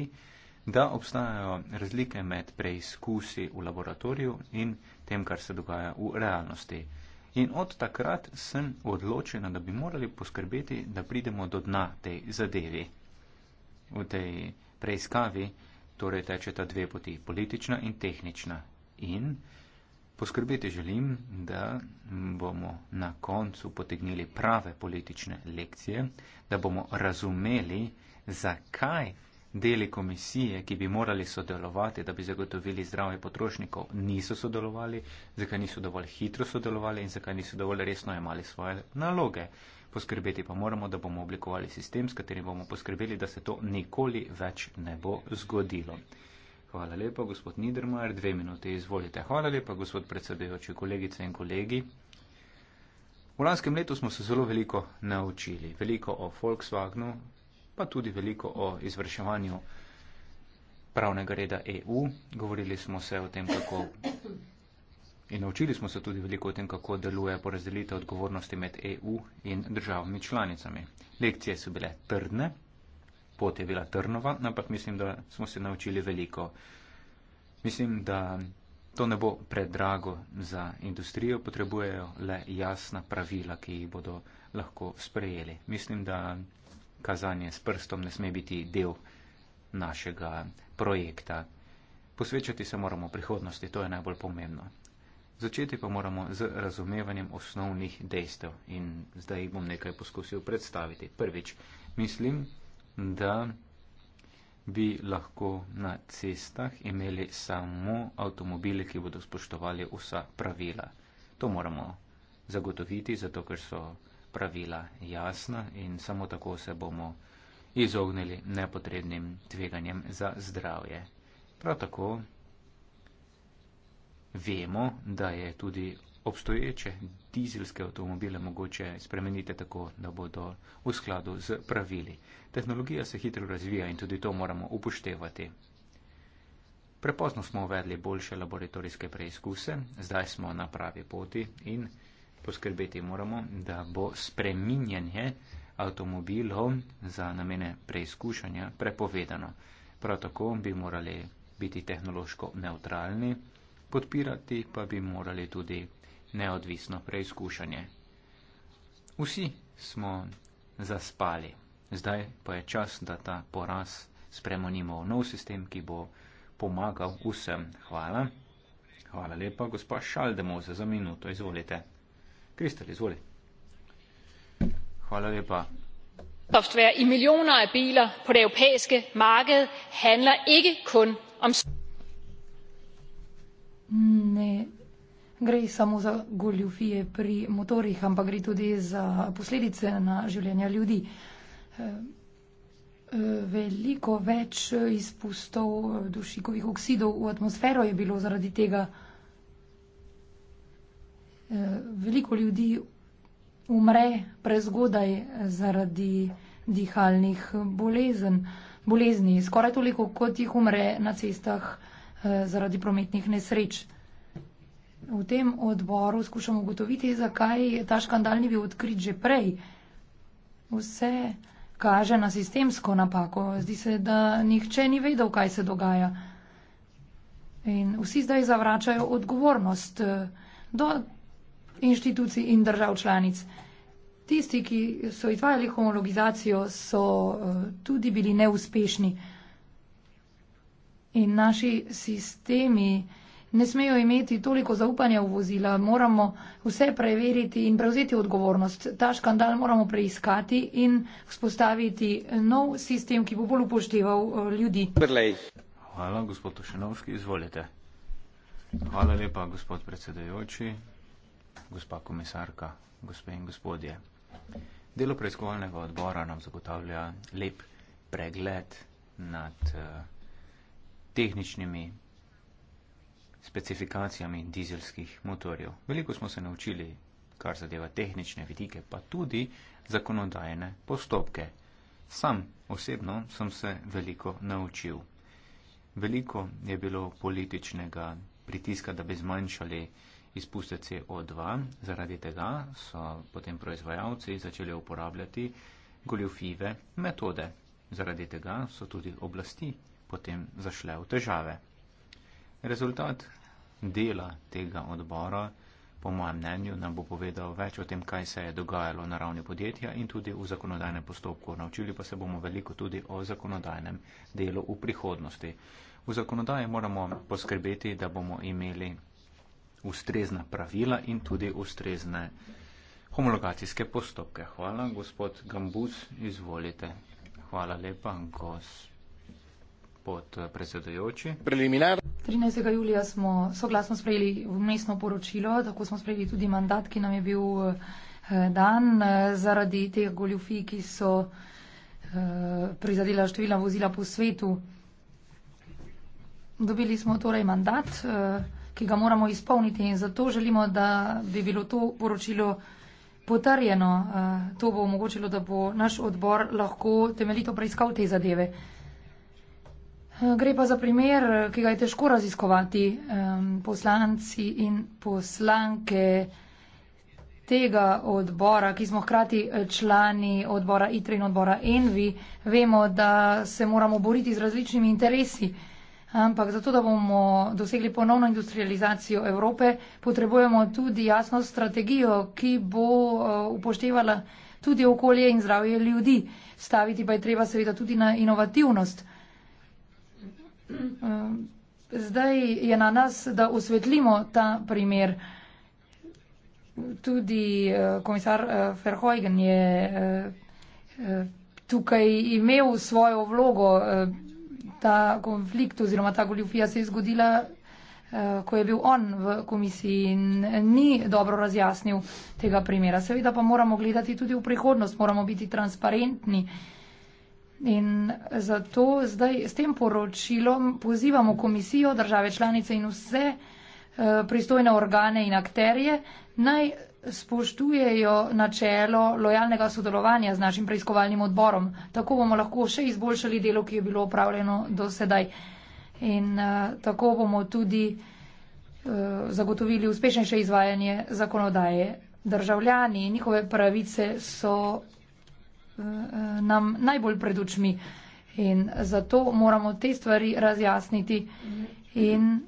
da obstajajo razlike med preizkusi v laboratoriju in tem, kar se dogaja v realnosti. In od takrat sem odločena, da bi morali poskrbeti, da pridemo do dna tej zadevi. V tej preiskavi torej tečeta dve poti, politična in tehnična. In Poskrbeti želim, da bomo na koncu potegnili prave politične lekcije, da bomo razumeli, zakaj deli komisije, ki bi morali sodelovati, da bi zagotovili zdravje potrošnikov, niso sodelovali, zakaj niso dovolj hitro sodelovali in zakaj niso dovolj resno imali svoje naloge. Poskrbeti pa moramo, da bomo oblikovali sistem, s katerim bomo poskrbeli, da se to nikoli več ne bo zgodilo. Hvala lepa, gospod Niedermayer. Dve minute, izvolite. Hvala lepa, gospod predsedujoči, kolegice in kolegi. V lanskem letu smo se zelo veliko naučili. Veliko o Volkswagenu, pa tudi veliko o izvrševanju pravnega reda EU. Govorili smo se o tem, kako in naučili smo se tudi veliko o tem, kako deluje porazdelitev odgovornosti med EU in državami članicami. Lekcije so bile trdne pot je bila trnova, ampak mislim, da smo se naučili veliko. Mislim, da to ne bo predrago za industrijo, potrebujejo le jasna pravila, ki jih bodo lahko sprejeli. Mislim, da kazanje s prstom ne sme biti del našega projekta. Posvečati se moramo prihodnosti, to je najbolj pomembno. Začeti pa moramo z razumevanjem osnovnih dejstev in zdaj bom nekaj poskusil predstaviti. Prvič, mislim, da bi lahko na cestah imeli samo avtomobile, ki bodo spoštovali vsa pravila. To moramo zagotoviti, zato ker so pravila jasna in samo tako se bomo izognili nepotrebnim tveganjem za zdravje. Prav tako vemo, da je tudi obstoječe dizelske avtomobile mogoče spremeniti tako, da bodo v skladu z pravili. Tehnologija se hitro razvija in tudi to moramo upoštevati. Prepozno smo uvedli boljše laboratorijske preizkuse, zdaj smo na pravi poti in poskrbeti moramo, da bo spreminjanje avtomobilov za namene preizkušanja prepovedano. Prav tako bi morali biti tehnološko neutralni, podpirati pa bi morali tudi neodvisno preizkušanje. Vsi smo zaspali, zdaj pa je čas, da ta poraz spremenimo v nov sistem, ki bo pomagal vsem. Hvala. Hvala lepa, gospa Šaldemoze, za minuto. Izvolite. Kristel, izvoli. Hvala lepa. Software i millioner af biler på det europæiske marked handler ikke kun om. Nee gre samo za goljufije pri motorjih, ampak gre tudi za posledice na življenja ljudi. Eh, eh, veliko več izpustov dušikovih oksidov v atmosfero je bilo zaradi tega. Eh, veliko ljudi umre prezgodaj zaradi dihalnih bolezen, bolezni, skoraj toliko, kot jih umre na cestah zaradi prometnih nesreč v tem odboru skušamo ugotoviti, zakaj ta škandal ni bil odkrit že prej. Vse kaže na sistemsko napako. Zdi se, da nihče ni vedel, kaj se dogaja. In vsi zdaj zavračajo odgovornost eh, do inštitucij in držav članic. Tisti, ki so izvajali homologizacijo, so eh, tudi bili neuspešni. In naši sistemi, ne smejo imeti toliko zaupanja v vozila, moramo vse preveriti in prevzeti odgovornost. Ta škandal moramo preiskati in vzpostaviti nov sistem, ki bo bolj upošteval eh, ljudi. Hvala, gospod Tošenovski, izvolite. Hvala lepa, gospod predsedajoči, gospa komisarka, gospe in gospodje. Delo preiskovalnega odbora nam zagotavlja lep pregled nad eh, tehničnimi specifikacijami dizelskih motorjev. Veliko smo se naučili, kar zadeva tehnične vidike, pa tudi zakonodajne postopke. Sam osebno sem se veliko naučil. Veliko je bilo političnega pritiska, da bi zmanjšali izpuste CO2, zaradi tega so potem proizvajalci začeli uporabljati goljofive metode. Zaradi tega so tudi oblasti potem zašle v težave. Rezultat dela tega odbora, po mojem mnenju, nam bo povedal več o tem, kaj se je dogajalo na ravni podjetja in tudi v zakonodajnem postopku. Naučili pa se bomo veliko tudi o zakonodajnem delu v prihodnosti. V zakonodaji moramo poskrbeti, da bomo imeli ustrezna pravila in tudi ustrezne homologacijske postopke. Hvala, gospod Gambus, izvolite. Hvala lepa, gospod podpredsedujoči. Eh, Preliminar. 13. julija smo soglasno sprejeli vmesno poročilo, tako smo sprejeli tudi mandat, ki nam je bil eh, dan eh, zaradi teh goljufij, ki so prizadela številna vozila po svetu. Dobili smo torej mandat, ki ga moramo izpolniti in zato želimo, da bi bilo to poročilo potrjeno. To bo omogočilo, da bo naš odbor lahko temeljito preiskal te zadeve. Gre pa za primer, ki ga je težko raziskovati. Poslanci in poslanke tega odbora, ki smo hkrati eh, člani odbora ITRE in odbora ENVI, vemo, da se moramo boriti z različnimi interesi. Ampak zato, da bomo dosegli ponovno industrializacijo Evrope, potrebujemo tudi jasno strategijo, ki bo eh, upoštevala tudi okolje in zdravje ljudi. Staviti pa je treba seveda tudi na inovativnost. Eh, zdaj je na nas, da osvetlimo ta primer. Tudi eh, komisar Ferhojgen eh, je tukaj imel svojo vlogo. Ta konflikt oziroma ta goljufija se je zgodila, ko je bil on v komisiji in ni dobro razjasnil tega primera. Seveda pa moramo gledati tudi v prihodnost, moramo biti transparentni. In zato zdaj s tem poročilom pozivamo komisijo, države članice in vse eh, pristojne organe in akterje naj spoštujejo načelo lojalnega sodelovanja z našim preiskovalnim odborom. Tako bomo lahko še izboljšali delo, ki je bilo opravljeno do sedaj. In uh, tako bomo tudi uh, zagotovili uspešnejše izvajanje zakonodaje. Državljani in njihove pravice so Eh, nam najbolj pred očmi. In zato moramo te stvari razjasniti in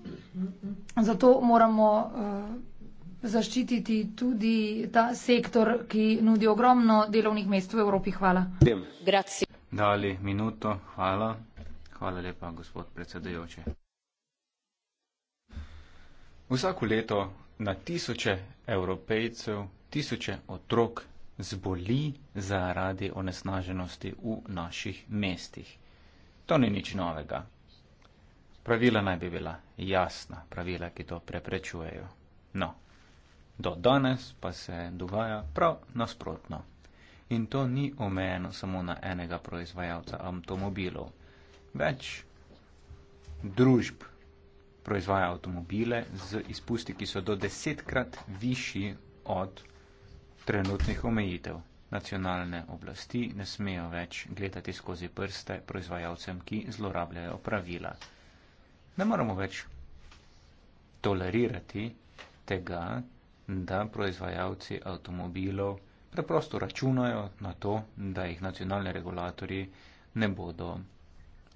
zato moramo eh, zaščititi tudi ta sektor, ki nudi ogromno delovnih mest v Evropi. Hvala. Dali minuto, hvala. Hvala lepa, gospod predsedajoče. Vsako leto na tisoče evropejcev, tisoče otrok zboli zaradi onesnaženosti v naših mestih. To ni nič novega. Pravila naj bi bila jasna, pravila, ki to preprečujejo. No, do danes pa se dogaja prav nasprotno. In to ni omejeno samo na enega proizvajalca avtomobilov, več družb proizvaja avtomobile z izpusti, ki so do desetkrat višji od trenutnih omejitev. Nacionalne oblasti ne smejo več gledati skozi prste proizvajalcem, ki zlorabljajo pravila. Ne moramo več tolerirati tega, da proizvajalci avtomobilov preprosto računajo na to, da jih nacionalni regulatori ne bodo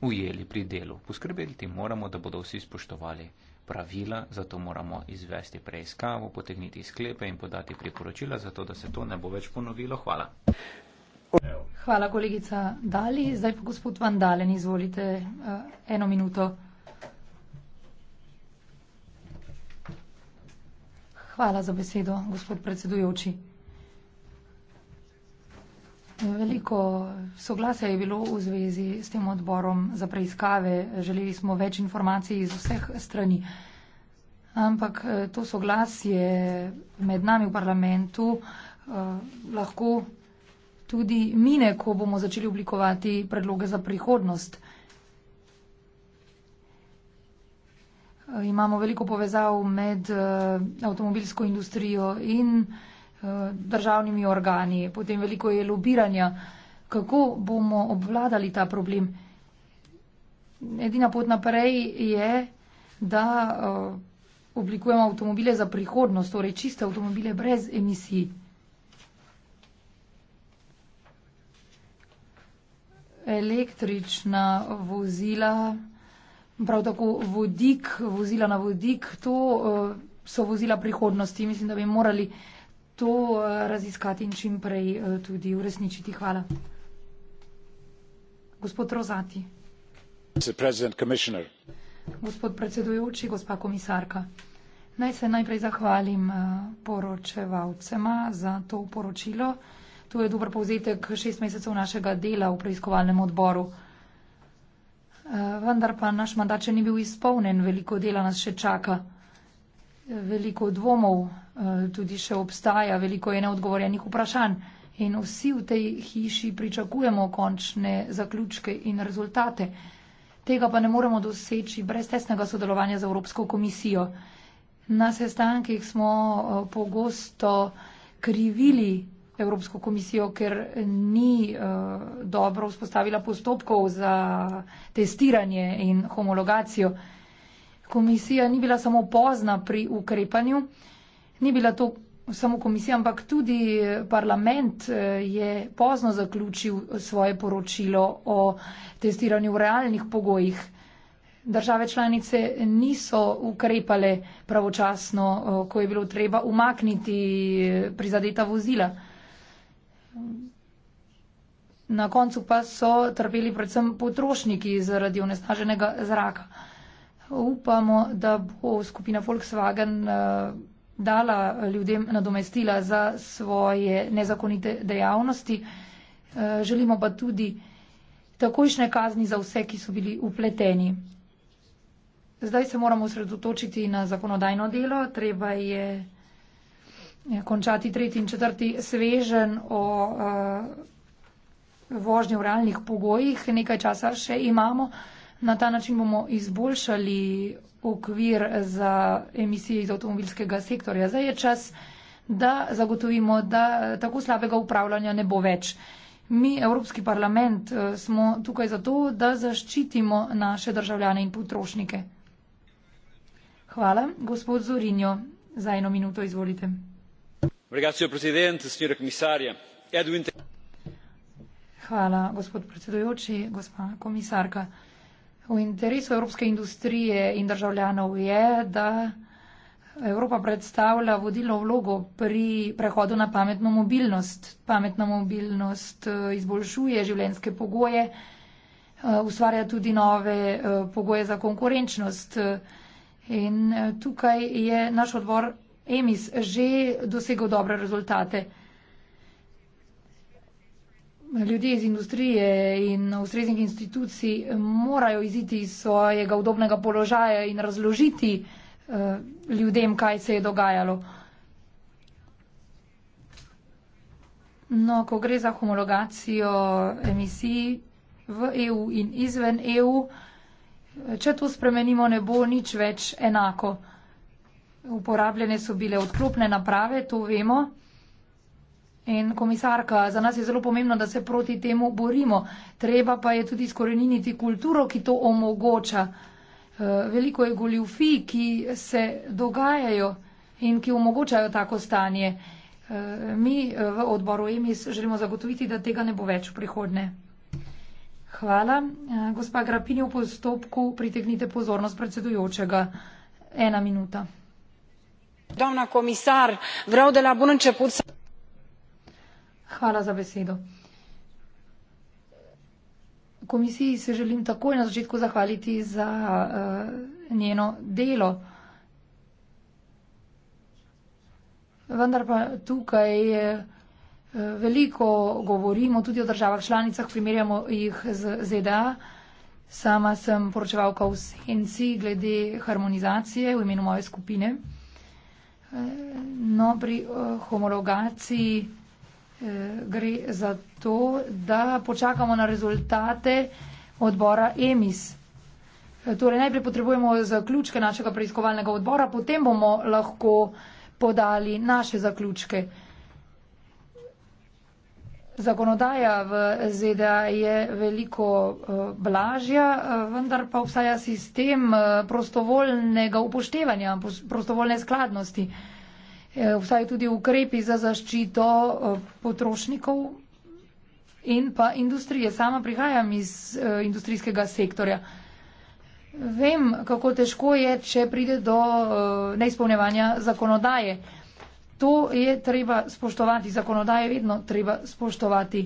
ujeli pri delu. Poskrbeti moramo, da bodo vsi spoštovali pravila, zato moramo izvesti preiskavo, potegniti sklepe in podati priporočila, zato da se to ne bo več ponovilo. Hvala. Hvala, kolegica Dali. Zdaj pa gospod Van Dalen, izvolite eh, eno minuto. Hvala za besedo, gospod predsedujoči. Veliko soglasja je bilo v zvezi s tem odborom za preiskave. Želeli smo več informacij iz vseh strani. Ampak eh, to soglasje med nami v parlamentu eh, lahko tudi mine, ko bomo začeli oblikovati predloge za prihodnost. Eh, imamo veliko povezav med eh, avtomobilsko industrijo in eh, Eh, državnimi organi, potem veliko je lobiranja, kako bomo obvladali ta problem. Edina pot naprej je, da eh, oblikujemo avtomobile za prihodnost, torej čiste avtomobile brez emisij. Električna vozila, prav tako vodik, vozila na vodik, to eh, so vozila prihodnosti. Mislim, da bi morali uh, to eh, raziskati in čim prej eh, tudi uresničiti. Hvala. Gospod Rozati. Gospod predsedujoči, gospa komisarka. Naj se najprej zahvalim eh, poročevalcema za to poročilo. To je dober povzetek šest mesecev našega dela v preiskovalnem odboru. Vendar pa naš mandat še ni bil izpolnen, veliko dela nas še čaka veliko dvomov eh, tudi še obstaja, veliko je neodgovorjenih vprašanj. In vsi v tej hiši pričakujemo končne zaključke in rezultate. Tega pa ne moremo doseči brez tesnega sodelovanja z Evropsko komisijo. Na sestankih smo eh, pogosto krivili Evropsko komisijo, ker ni eh, dobro vzpostavila postopkov za testiranje in homologacijo komisija ni bila samo pozna pri ukrepanju, ni bila to samo komisija, ampak tudi eh, parlament eh, je pozno zaključil svoje poročilo o testiranju v realnih pogojih. Države članice niso ukrepale pravočasno, eh, ko je bilo treba umakniti prizadeta vozila. Na koncu pa so trpeli predvsem potrošniki zaradi onesnaženega zraka. Upamo, da bo skupina Volkswagen eh, dala ljudem nadomestila za svoje nezakonite dejavnosti. Eh, želimo pa tudi takojšnje kazni za vse, ki so bili upleteni. Zdaj se moramo osredotočiti na zakonodajno delo. Treba je eh, končati tretji in četrti svežen o vožnji v realnih pogojih. Nekaj časa še imamo. Na ta način bomo izboljšali okvir za emisije iz avtomobilskega sektorja. Zdaj je čas, da zagotovimo, da tako slabega upravljanja ne bo več. Mi, Evropski parlament, eh, smo tukaj zato, da zaščitimo naše državljane in potrošnike. Hvala. Gospod Zorinjo, za eno minuto izvolite. Hvala, gospod predsedujoči, gospa komisarka. V interesu evropske industrije in državljanov je, da Evropa predstavlja vodilno vlogo pri prehodu na pametno mobilnost. Pametna mobilnost eh, izboljšuje življenjske pogoje, eh, ustvarja tudi nove eh, pogoje za konkurenčnost. In tukaj je naš odbor EMIS že dosegel dobre rezultate ljudje iz industrije in ustreznih institucij morajo iziti iz svojega udobnega položaja in razložiti eh, ljudem, kaj se je dogajalo. No, ko gre za homologacijo emisij v EU in izven EU, če to spremenimo, ne bo nič več enako. Uporabljene so bile odklopne naprave, to vemo. In komisarka, za nas je zelo pomembno, da se proti temu borimo. Treba pa je tudi skoreniniti kulturo, ki to omogoča. Eh, veliko je goljufij, ki se dogajajo in ki omogočajo tako stanje. Eh, mi eh, v odboru EMIS želimo zagotoviti, da tega ne bo več v prihodnje. Hvala. Gospa Grapini, v postopku pritegnite pozornost predsedujočega. Ena minuta. Domna komisar, vreau de la bun început să... Hvala za besedo. Komisiji se želim takoj na začetku zahvaliti za uh, njeno delo. Vendar pa tukaj eh, veliko govorimo tudi o državah članicah, primerjamo jih z ZDA. Sama sem poročevalka v Senci glede harmonizacije v imenu moje skupine. Eh, no, pri homologaciji. Eh, gre za to, da počakamo na rezultate odbora EMIS. Eh, torej, najprej potrebujemo zaključke našega preiskovalnega odbora, potem bomo lahko podali naše zaključke. Zakonodaja v ZDA je veliko eh, blažja, vendar pa obstaja sistem prostovoljnega upoštevanja, prostovoljne skladnosti vsaj eh, tudi ukrepi za zaščito eh, potrošnikov in pa industrije. Sama prihajam iz eh, industrijskega sektorja. Vem, kako težko je, če pride do neizpolnevanja zakonodaje. To je treba spoštovati. Zakonodaje je vedno treba spoštovati.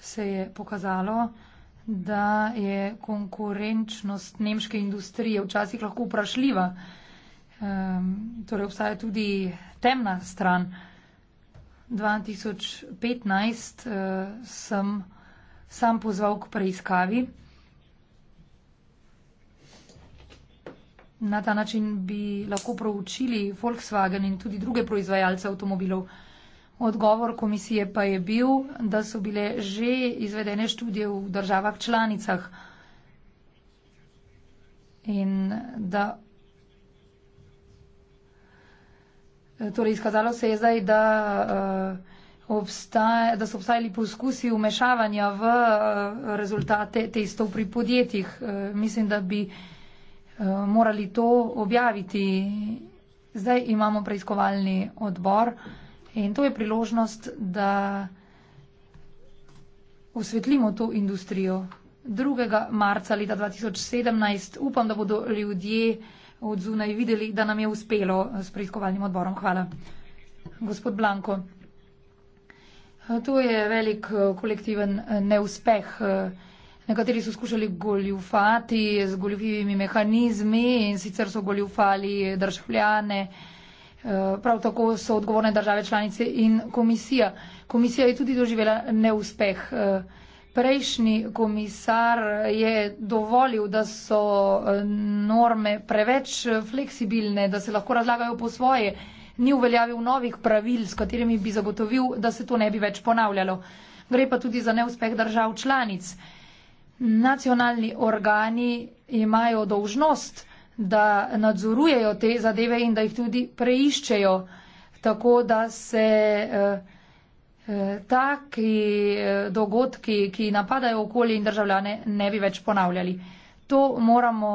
se je pokazalo, da je konkurenčnost nemške industrije včasih lahko vprašljiva. Um, torej obstaja tudi temna stran. 2015 uh, eh, sem sam pozval k preiskavi. Na ta način bi lahko proučili Volkswagen in tudi druge proizvajalce avtomobilov. Odgovor komisije pa je bil, da so bile že izvedene študije v državah članicah in da. Torej, izkazalo se je zdaj, da, uh, obstaja, da so obstajali poskusi umešavanja v uh, rezultate testov pri podjetjih. Uh, mislim, da bi uh, morali to objaviti. Zdaj imamo preiskovalni odbor. Uh, In to je priložnost, da osvetlimo to industrijo. 2. marca leta 2017 upam, da bodo ljudje od zunaj videli, da nam je uspelo s preiskovalnim odborom. Hvala. Gospod Blanko, to je velik kolektiven eh, neuspeh. Nekateri so skušali goljufati z goljufivimi mehanizmi in sicer so goljufali državljane. Eh, prav tako so odgovorne države članice in komisija. Komisija je tudi doživela neuspeh. Eh, prejšnji komisar je dovolil, da so eh, norme preveč fleksibilne, da se lahko razlagajo po svoje, ni uveljavil novih pravil, s katerimi bi zagotovil, da se to ne bi več ponavljalo. Gre pa tudi za neuspeh držav članic. Nacionalni organi imajo dolžnost da nadzorujejo te zadeve in da jih tudi preiščejo, tako da se eh, eh, taki eh, dogodki, ki napadajo okolje in državljane, ne bi več ponavljali. To moramo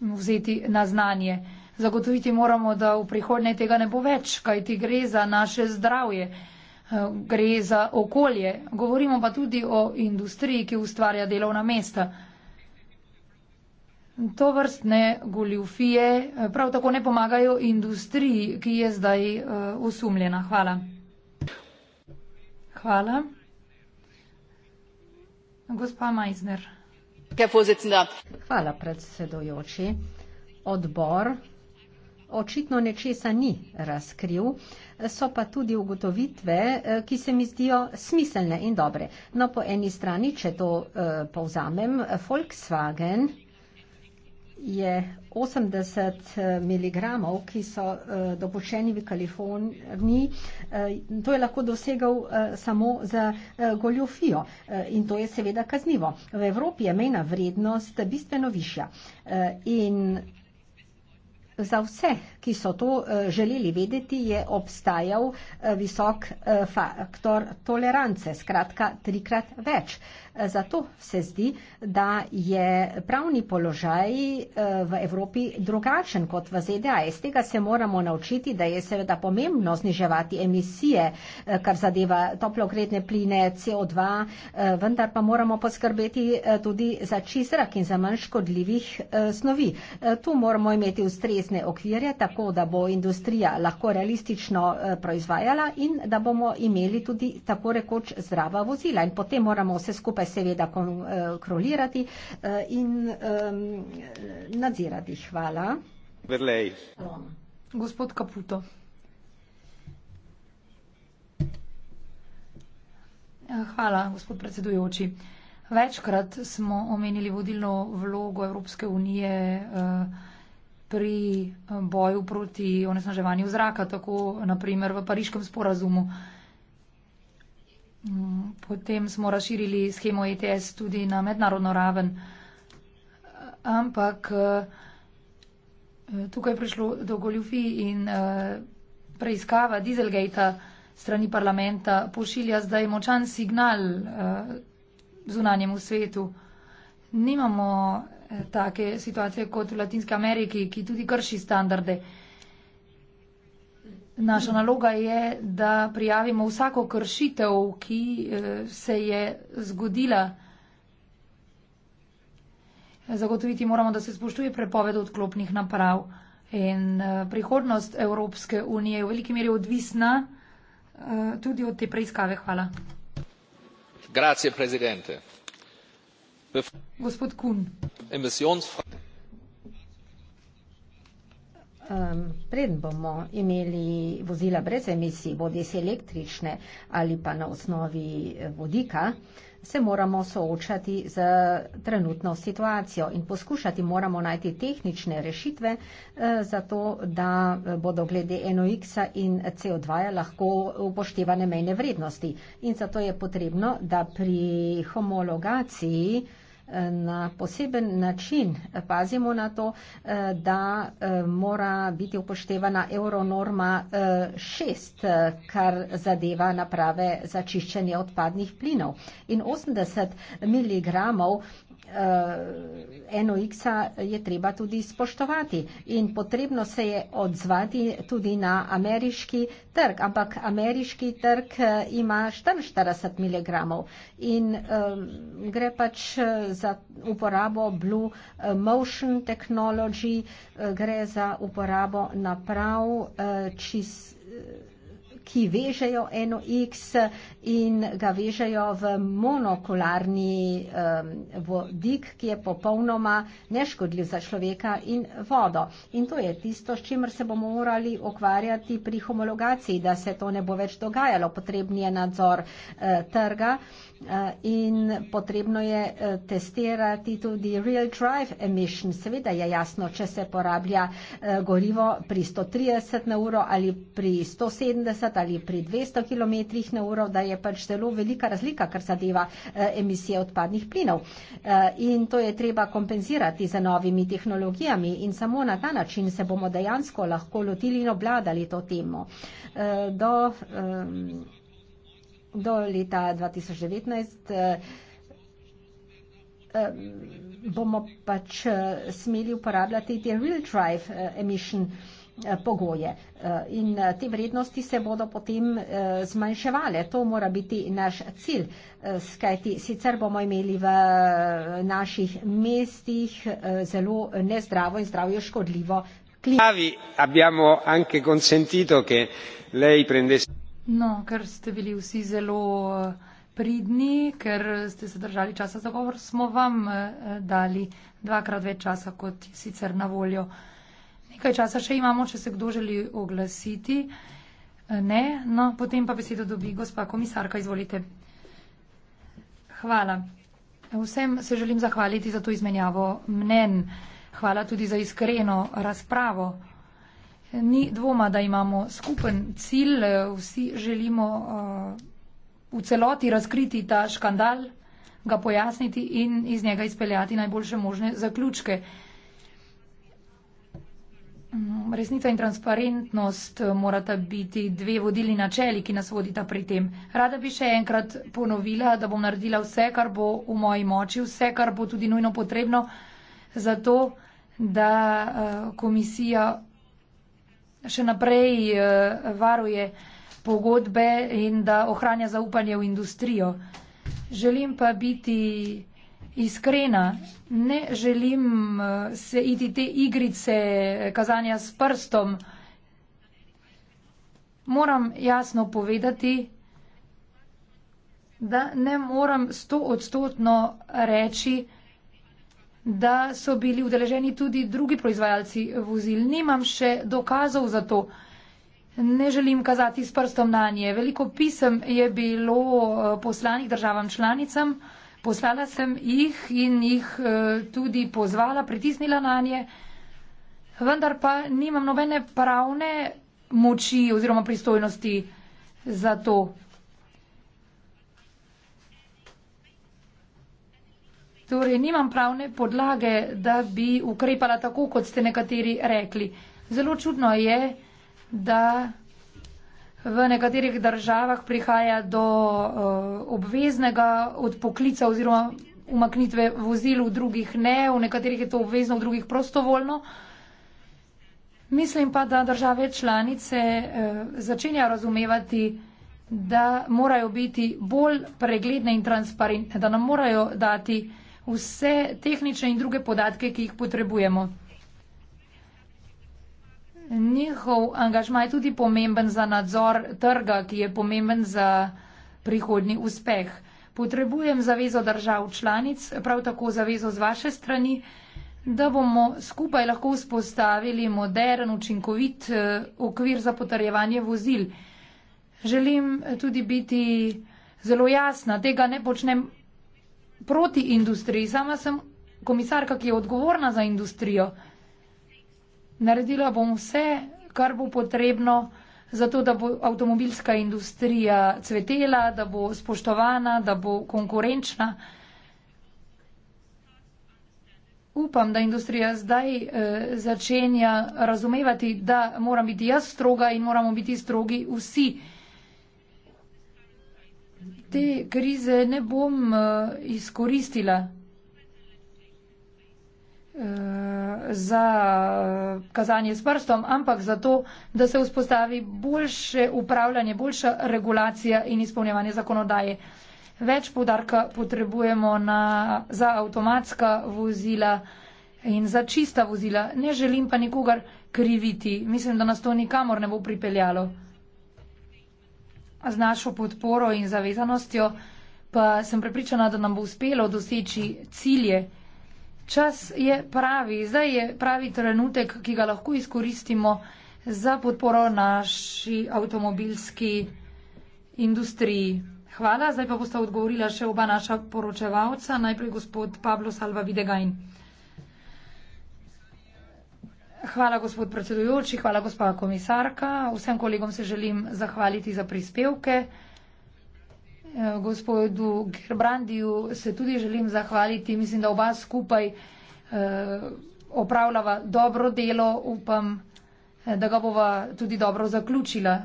vzeti na znanje. Zagotoviti moramo, da v prihodnje tega ne bo več, kaj ti gre za naše zdravje, gre za okolje. Govorimo pa tudi o industriji, ki ustvarja delovna mesta. To vrstne goljufije eh, prav tako ne pomagajo industriji, ki je zdaj eh, osumljena. Hvala. Hvala. Gospa Majzner. Hvala, predsedojoči. Odbor očitno nečesa ni razkril, so pa tudi ugotovitve, eh, ki se mi zdijo smiselne in dobre. No, po eni strani, če to povzamem, Volkswagen je 80 eh, miligramov, ki so eh, dopuščeni v Kaliforniji, eh, to je lahko dosegal samo za goljofijo in to je seveda kaznivo. V Evropi je mejna vrednost bistveno višja in za vse ki so to eh, želeli vedeti, je obstajal eh, visok eh, faktor tolerance, skratka trikrat več. Zato se zdi, da je pravni položaj v Evropi drugačen kot v ZDA. Iz tega se moramo naučiti, da je seveda pomembno zniževati emisije, kar zadeva toplogredne pline, CO2, vendar pa moramo poskrbeti tudi za čist zrak in za manj škodljivih snovi. Tu moramo imeti ustrezne okvirje, tako tako, da bo industrija lahko realistično eh, proizvajala in da bomo imeli tudi tako rekoč zdrava vozila. In potem moramo vse skupaj seveda eh, kontrolirati eh, in ehm, nadzirati. Hvala. Verlej. Gospod Kaputo. Ja, hvala, gospod predsedujoči. Večkrat smo omenili vodilno vlogo Evropske unije. Uh pri eh, boju proti onesnaževanju zraka, tako naprimer v pariškem sporazumu. Mm, potem smo razširili schemo ETS tudi na mednarodno raven, ampak eh, tukaj je prišlo do goljufi in eh, preiskava Dieselgate-a strani parlamenta pošilja zdaj močan signal zunanjemu svetu. Nimamo take situacije kot v Latinski Ameriki, ki tudi krši standarde. Naša naloga je, da prijavimo vsako kršitev, ki eh, se je zgodila. Zagotoviti moramo, da se spoštuje prepoved odklopnih naprav. In eh, prihodnost Evropske unije je v veliki meri odvisna eh, tudi od te preiskave. Hvala. Grazie, Ehm, preden bomo imeli vozila brez emisij, bodisi električne ali pa na osnovi eh, vodika, se moramo soočati z trenutno situacijo in poskušati moramo najti tehnične rešitve eh, za to, da eh, bodo glede NOx in CO2 ja lahko upoštevane mejne vrednosti. In zato je potrebno, da pri homologaciji na poseben način pazimo na to, eh, da eh, mora biti upoštevana euronorma 6, eh, kar zadeva naprave za čiščenje odpadnih plinov. In 80 mg Eh, NOX-a je treba tudi spoštovati in potrebno se je odzvati tudi na ameriški trg, ampak ameriški trg eh, ima 44 mg in eh, gre pač za uporabo Blue Motion Technology, gre za uporabo naprav čist ki vežejo eno X in ga vežejo v monokularni vodik, ki je popolnoma neškodljiv za človeka in vodo. In to je tisto, s čimer se bomo morali okvarjati pri homologaciji, da se to ne bo več dogajalo. Potrebni je nadzor eh, trga. Eh, in potrebno je eh, testirati tudi real drive emission. Seveda je jasno, če se porablja eh, gorivo pri 130 na uro ali pri 170 ali pri 200 km na uro, da je pač zelo velika razlika, kar zadeva emisije odpadnih plinov. In to je treba kompenzirati za novimi tehnologijami in samo na ta način se bomo dejansko lahko lotili in obladali to temo. Do, um, do leta 2019 eh, eh, bomo pač eh, smeli uporabljati te real drive emission pogoje in te vrednosti se bodo potem zmanjševale. To mora biti naš cilj, skajti sicer bomo imeli v naših mestih zelo nezdravo in zdravje škodljivo klimo. No, ker ste bili vsi zelo eh, pridni, ker ste se držali časa za govor, smo vam eh, dali dvakrat več časa, kot sicer na voljo. Nekaj časa še imamo, če se kdo želi oglasiti. Eh, ne, no, potem pa besedo dobi gospa komisarka, izvolite. Hvala. Vsem se želim zahvaliti za to izmenjavo mnen. Hvala tudi za iskreno razpravo. Ni dvoma, da imamo skupen cilj, eh, vsi želimo uh, v celoti razkriti ta škandal, ga pojasniti in iz njega izpeljati najboljše možne zaključke. Mm, resnica in transparentnost eh, morata biti dve vodilni načeli, ki nas vodita pri tem. Rada bi še enkrat ponovila, da bom naredila vse, kar bo v moji moči, vse, kar bo tudi nujno potrebno, zato da komisija še naprej eh, varuje pogodbe in da ohranja zaupanje v industrijo. Želim pa biti iskrena. Ne želim eh, se iti te igrice eh, kazanja s prstom. Moram jasno povedati, da ne moram sto odstotno reči, da so bili udeleženi tudi drugi proizvajalci vozil. Nimam še dokazov za to. Ne želim kazati s prstom na nje. Veliko pisem je bilo eh, poslanih državam članicam. Poslala sem jih in jih eh, tudi pozvala, pritisnila na nje. Vendar pa nimam nobene pravne moči oziroma pristojnosti za to. Torej, nimam pravne podlage, da bi ukrepala tako, kot ste nekateri rekli. Zelo čudno je, da v nekaterih državah prihaja do uh, obveznega odpoklica oziroma umaknitve vozil, v drugih ne, v nekaterih je to obvezno, v drugih prostovoljno. Mislim pa, da države članice uh, začenjajo razumevati, da morajo biti bolj pregledne in transparentne, da nam morajo dati uh, vse tehnične in druge podatke, ki jih potrebujemo. Njihov angažma je tudi pomemben za nadzor trga, ki je pomemben za prihodni uspeh. Potrebujem zavezo držav članic, prav tako zavezo z vaše strani, da bomo skupaj lahko vzpostavili modern, učinkovit eh, okvir za potrjevanje vozil. Želim tudi biti zelo jasna, tega ne počnem proti industriji. Sama sem komisarka, ki je odgovorna za industrijo. Naredila bom vse, kar bo potrebno, zato da bo avtomobilska industrija cvetela, da bo spoštovana, da bo konkurenčna. Upam, da industrija zdaj eh, začenja razumevati, da moram biti jaz stroga in moramo biti strogi vsi te krize ne bom uh, izkoristila uh, za uh, kazanje s prstom, ampak zato, da se vzpostavi boljše upravljanje, boljša regulacija in izpolnjevanje zakonodaje. Več podarka potrebujemo na, za avtomatska vozila in za čista vozila. Ne želim pa nikogar kriviti. Mislim, da nas to nikamor ne bo pripeljalo z našo podporo in zavezanostjo, pa sem prepričana, da nam bo uspelo doseči cilje. Čas je pravi, zdaj je pravi trenutek, ki ga lahko izkoristimo za podporo naši avtomobilski industriji. Hvala, zdaj pa bosta odgovorila še oba naša poročevalca, najprej gospod Pablo Salva Videgajn. Hvala, gospod predsedujoči, hvala, gospa komisarka. Vsem kolegom se želim zahvaliti za prispevke. Eh, gospodu Gerbrandiju se tudi želim zahvaliti. Mislim, da oba skupaj eh, opravljava dobro delo. Upam, eh, da ga bova tudi dobro zaključila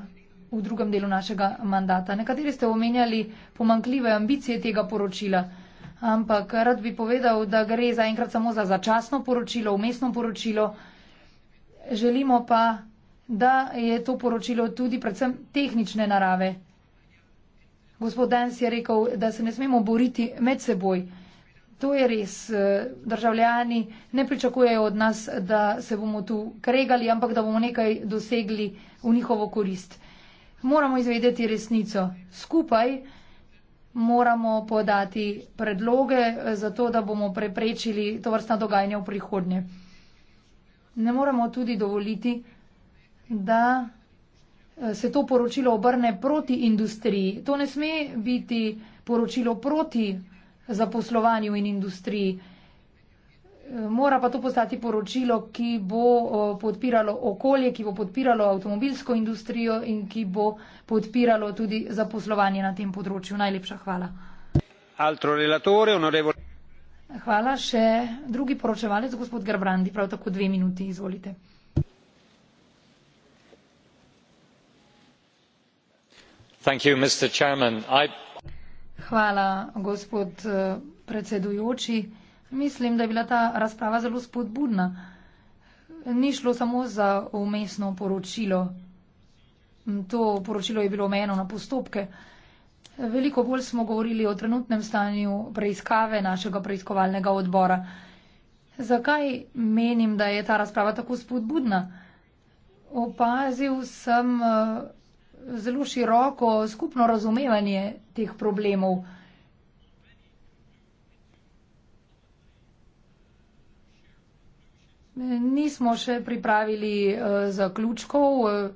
v drugem delu našega mandata. Nekateri ste omenjali pomankljive ambicije tega poročila, ampak rad bi povedal, da gre zaenkrat samo za začasno poročilo, umestno poročilo želimo pa, da je to poročilo tudi predvsem tehnične narave. Gospod Dens je rekel, da se ne smemo boriti med seboj. To je res. Državljani ne pričakujejo od nas, da se bomo tu kregali, ampak da bomo nekaj dosegli v njihovo korist. Moramo izvedeti resnico. Skupaj moramo podati predloge za to, da bomo preprečili to vrstna dogajanja v prihodnje ne moremo tudi dovoliti, da eh, se to poročilo obrne proti industriji. To ne sme biti poročilo proti zaposlovanju in industriji. Eh, mora pa to postati poročilo, ki bo podpiralo okolje, ki bo podpiralo avtomobilsko industrijo in ki bo podpiralo tudi zaposlovanje na tem področju. Najlepša hvala. Altro relatore, onorevole hvala. Še drugi poročevalec, gospod Gerbrandi, prav tako dve minuti, izvolite. You, I... Hvala, gospod eh, predsedujoči. Mislim, da je bila ta razprava zelo spodbudna. Ni šlo samo za umestno poročilo. To poročilo je bilo omejeno na postopke. Veliko bolj smo govorili o trenutnem stanju preiskave našega preiskovalnega odbora. Zakaj menim, da je ta razprava tako spodbudna? Opazil sem eh, zelo široko skupno razumevanje teh problemov. Nismo še pripravili eh, zaključkov. Eh,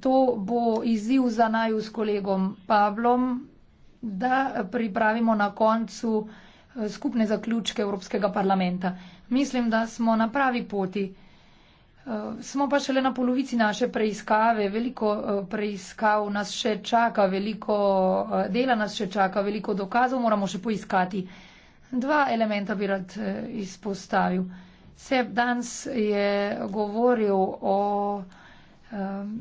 to bo izziv za naju s kolegom Pavlom, da pripravimo na koncu eh, skupne zaključke Evropskega parlamenta. Mislim, da smo na pravi poti. Eh, smo pa šele na polovici naše preiskave, veliko eh, preiskav nas še čaka, veliko dela nas še čaka, veliko dokazov moramo še poiskati. Dva elementa bi rad izpostavil. Seb Dans je govoril o um,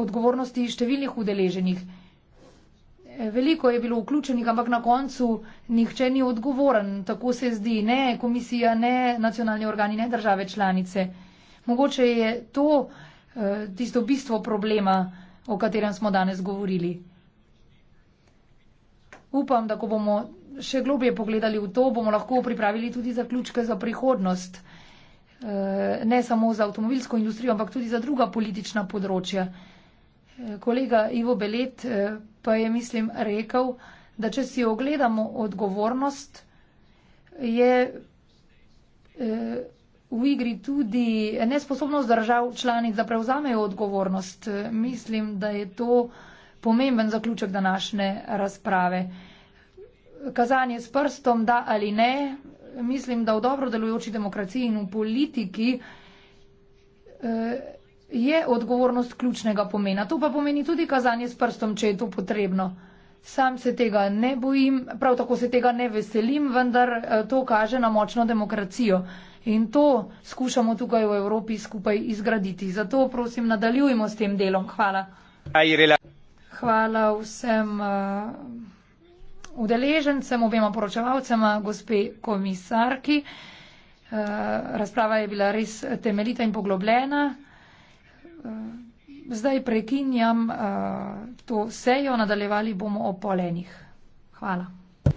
odgovornosti številnih udeleženih. Veliko je bilo vključenih, ampak na koncu nihče ni odgovoren, tako se zdi, ne komisija, ne nacionalni organi, ne države članice. Mogoče je to eh, tisto bistvo problema, o katerem smo danes govorili. Upam, da ko bomo še globje pogledali v to, bomo lahko pripravili tudi zaključke za prihodnost, eh, ne samo za avtomobilsko industrijo, ampak tudi za druga politična področja. Kolega Ivo Belet eh, pa je, mislim, rekel, da če si ogledamo odgovornost, je eh, v igri tudi nesposobnost držav članic, da prevzamejo odgovornost. Eh, mislim, da je to pomemben zaključek današnje razprave. Kazanje s prstom, da ali ne, mislim, da v dobro delujoči demokraciji in v politiki je odgovornost ključnega pomena. To pa pomeni tudi kazanje s prstom, če je to potrebno. Sam se tega ne bojim, prav tako se tega ne veselim, vendar eh, to kaže na močno demokracijo. In to skušamo tukaj v Evropi skupaj izgraditi. Zato prosim, nadaljujmo s tem delom. Hvala. Hvala vsem uh, udeležencem, obema poročevalcema, gospe komisarki. Uh, razprava je bila res temeljita in poglobljena. Eh, zdaj prekinjam eh, to sejo, nadaljevali bomo ob pol enih. Hvala.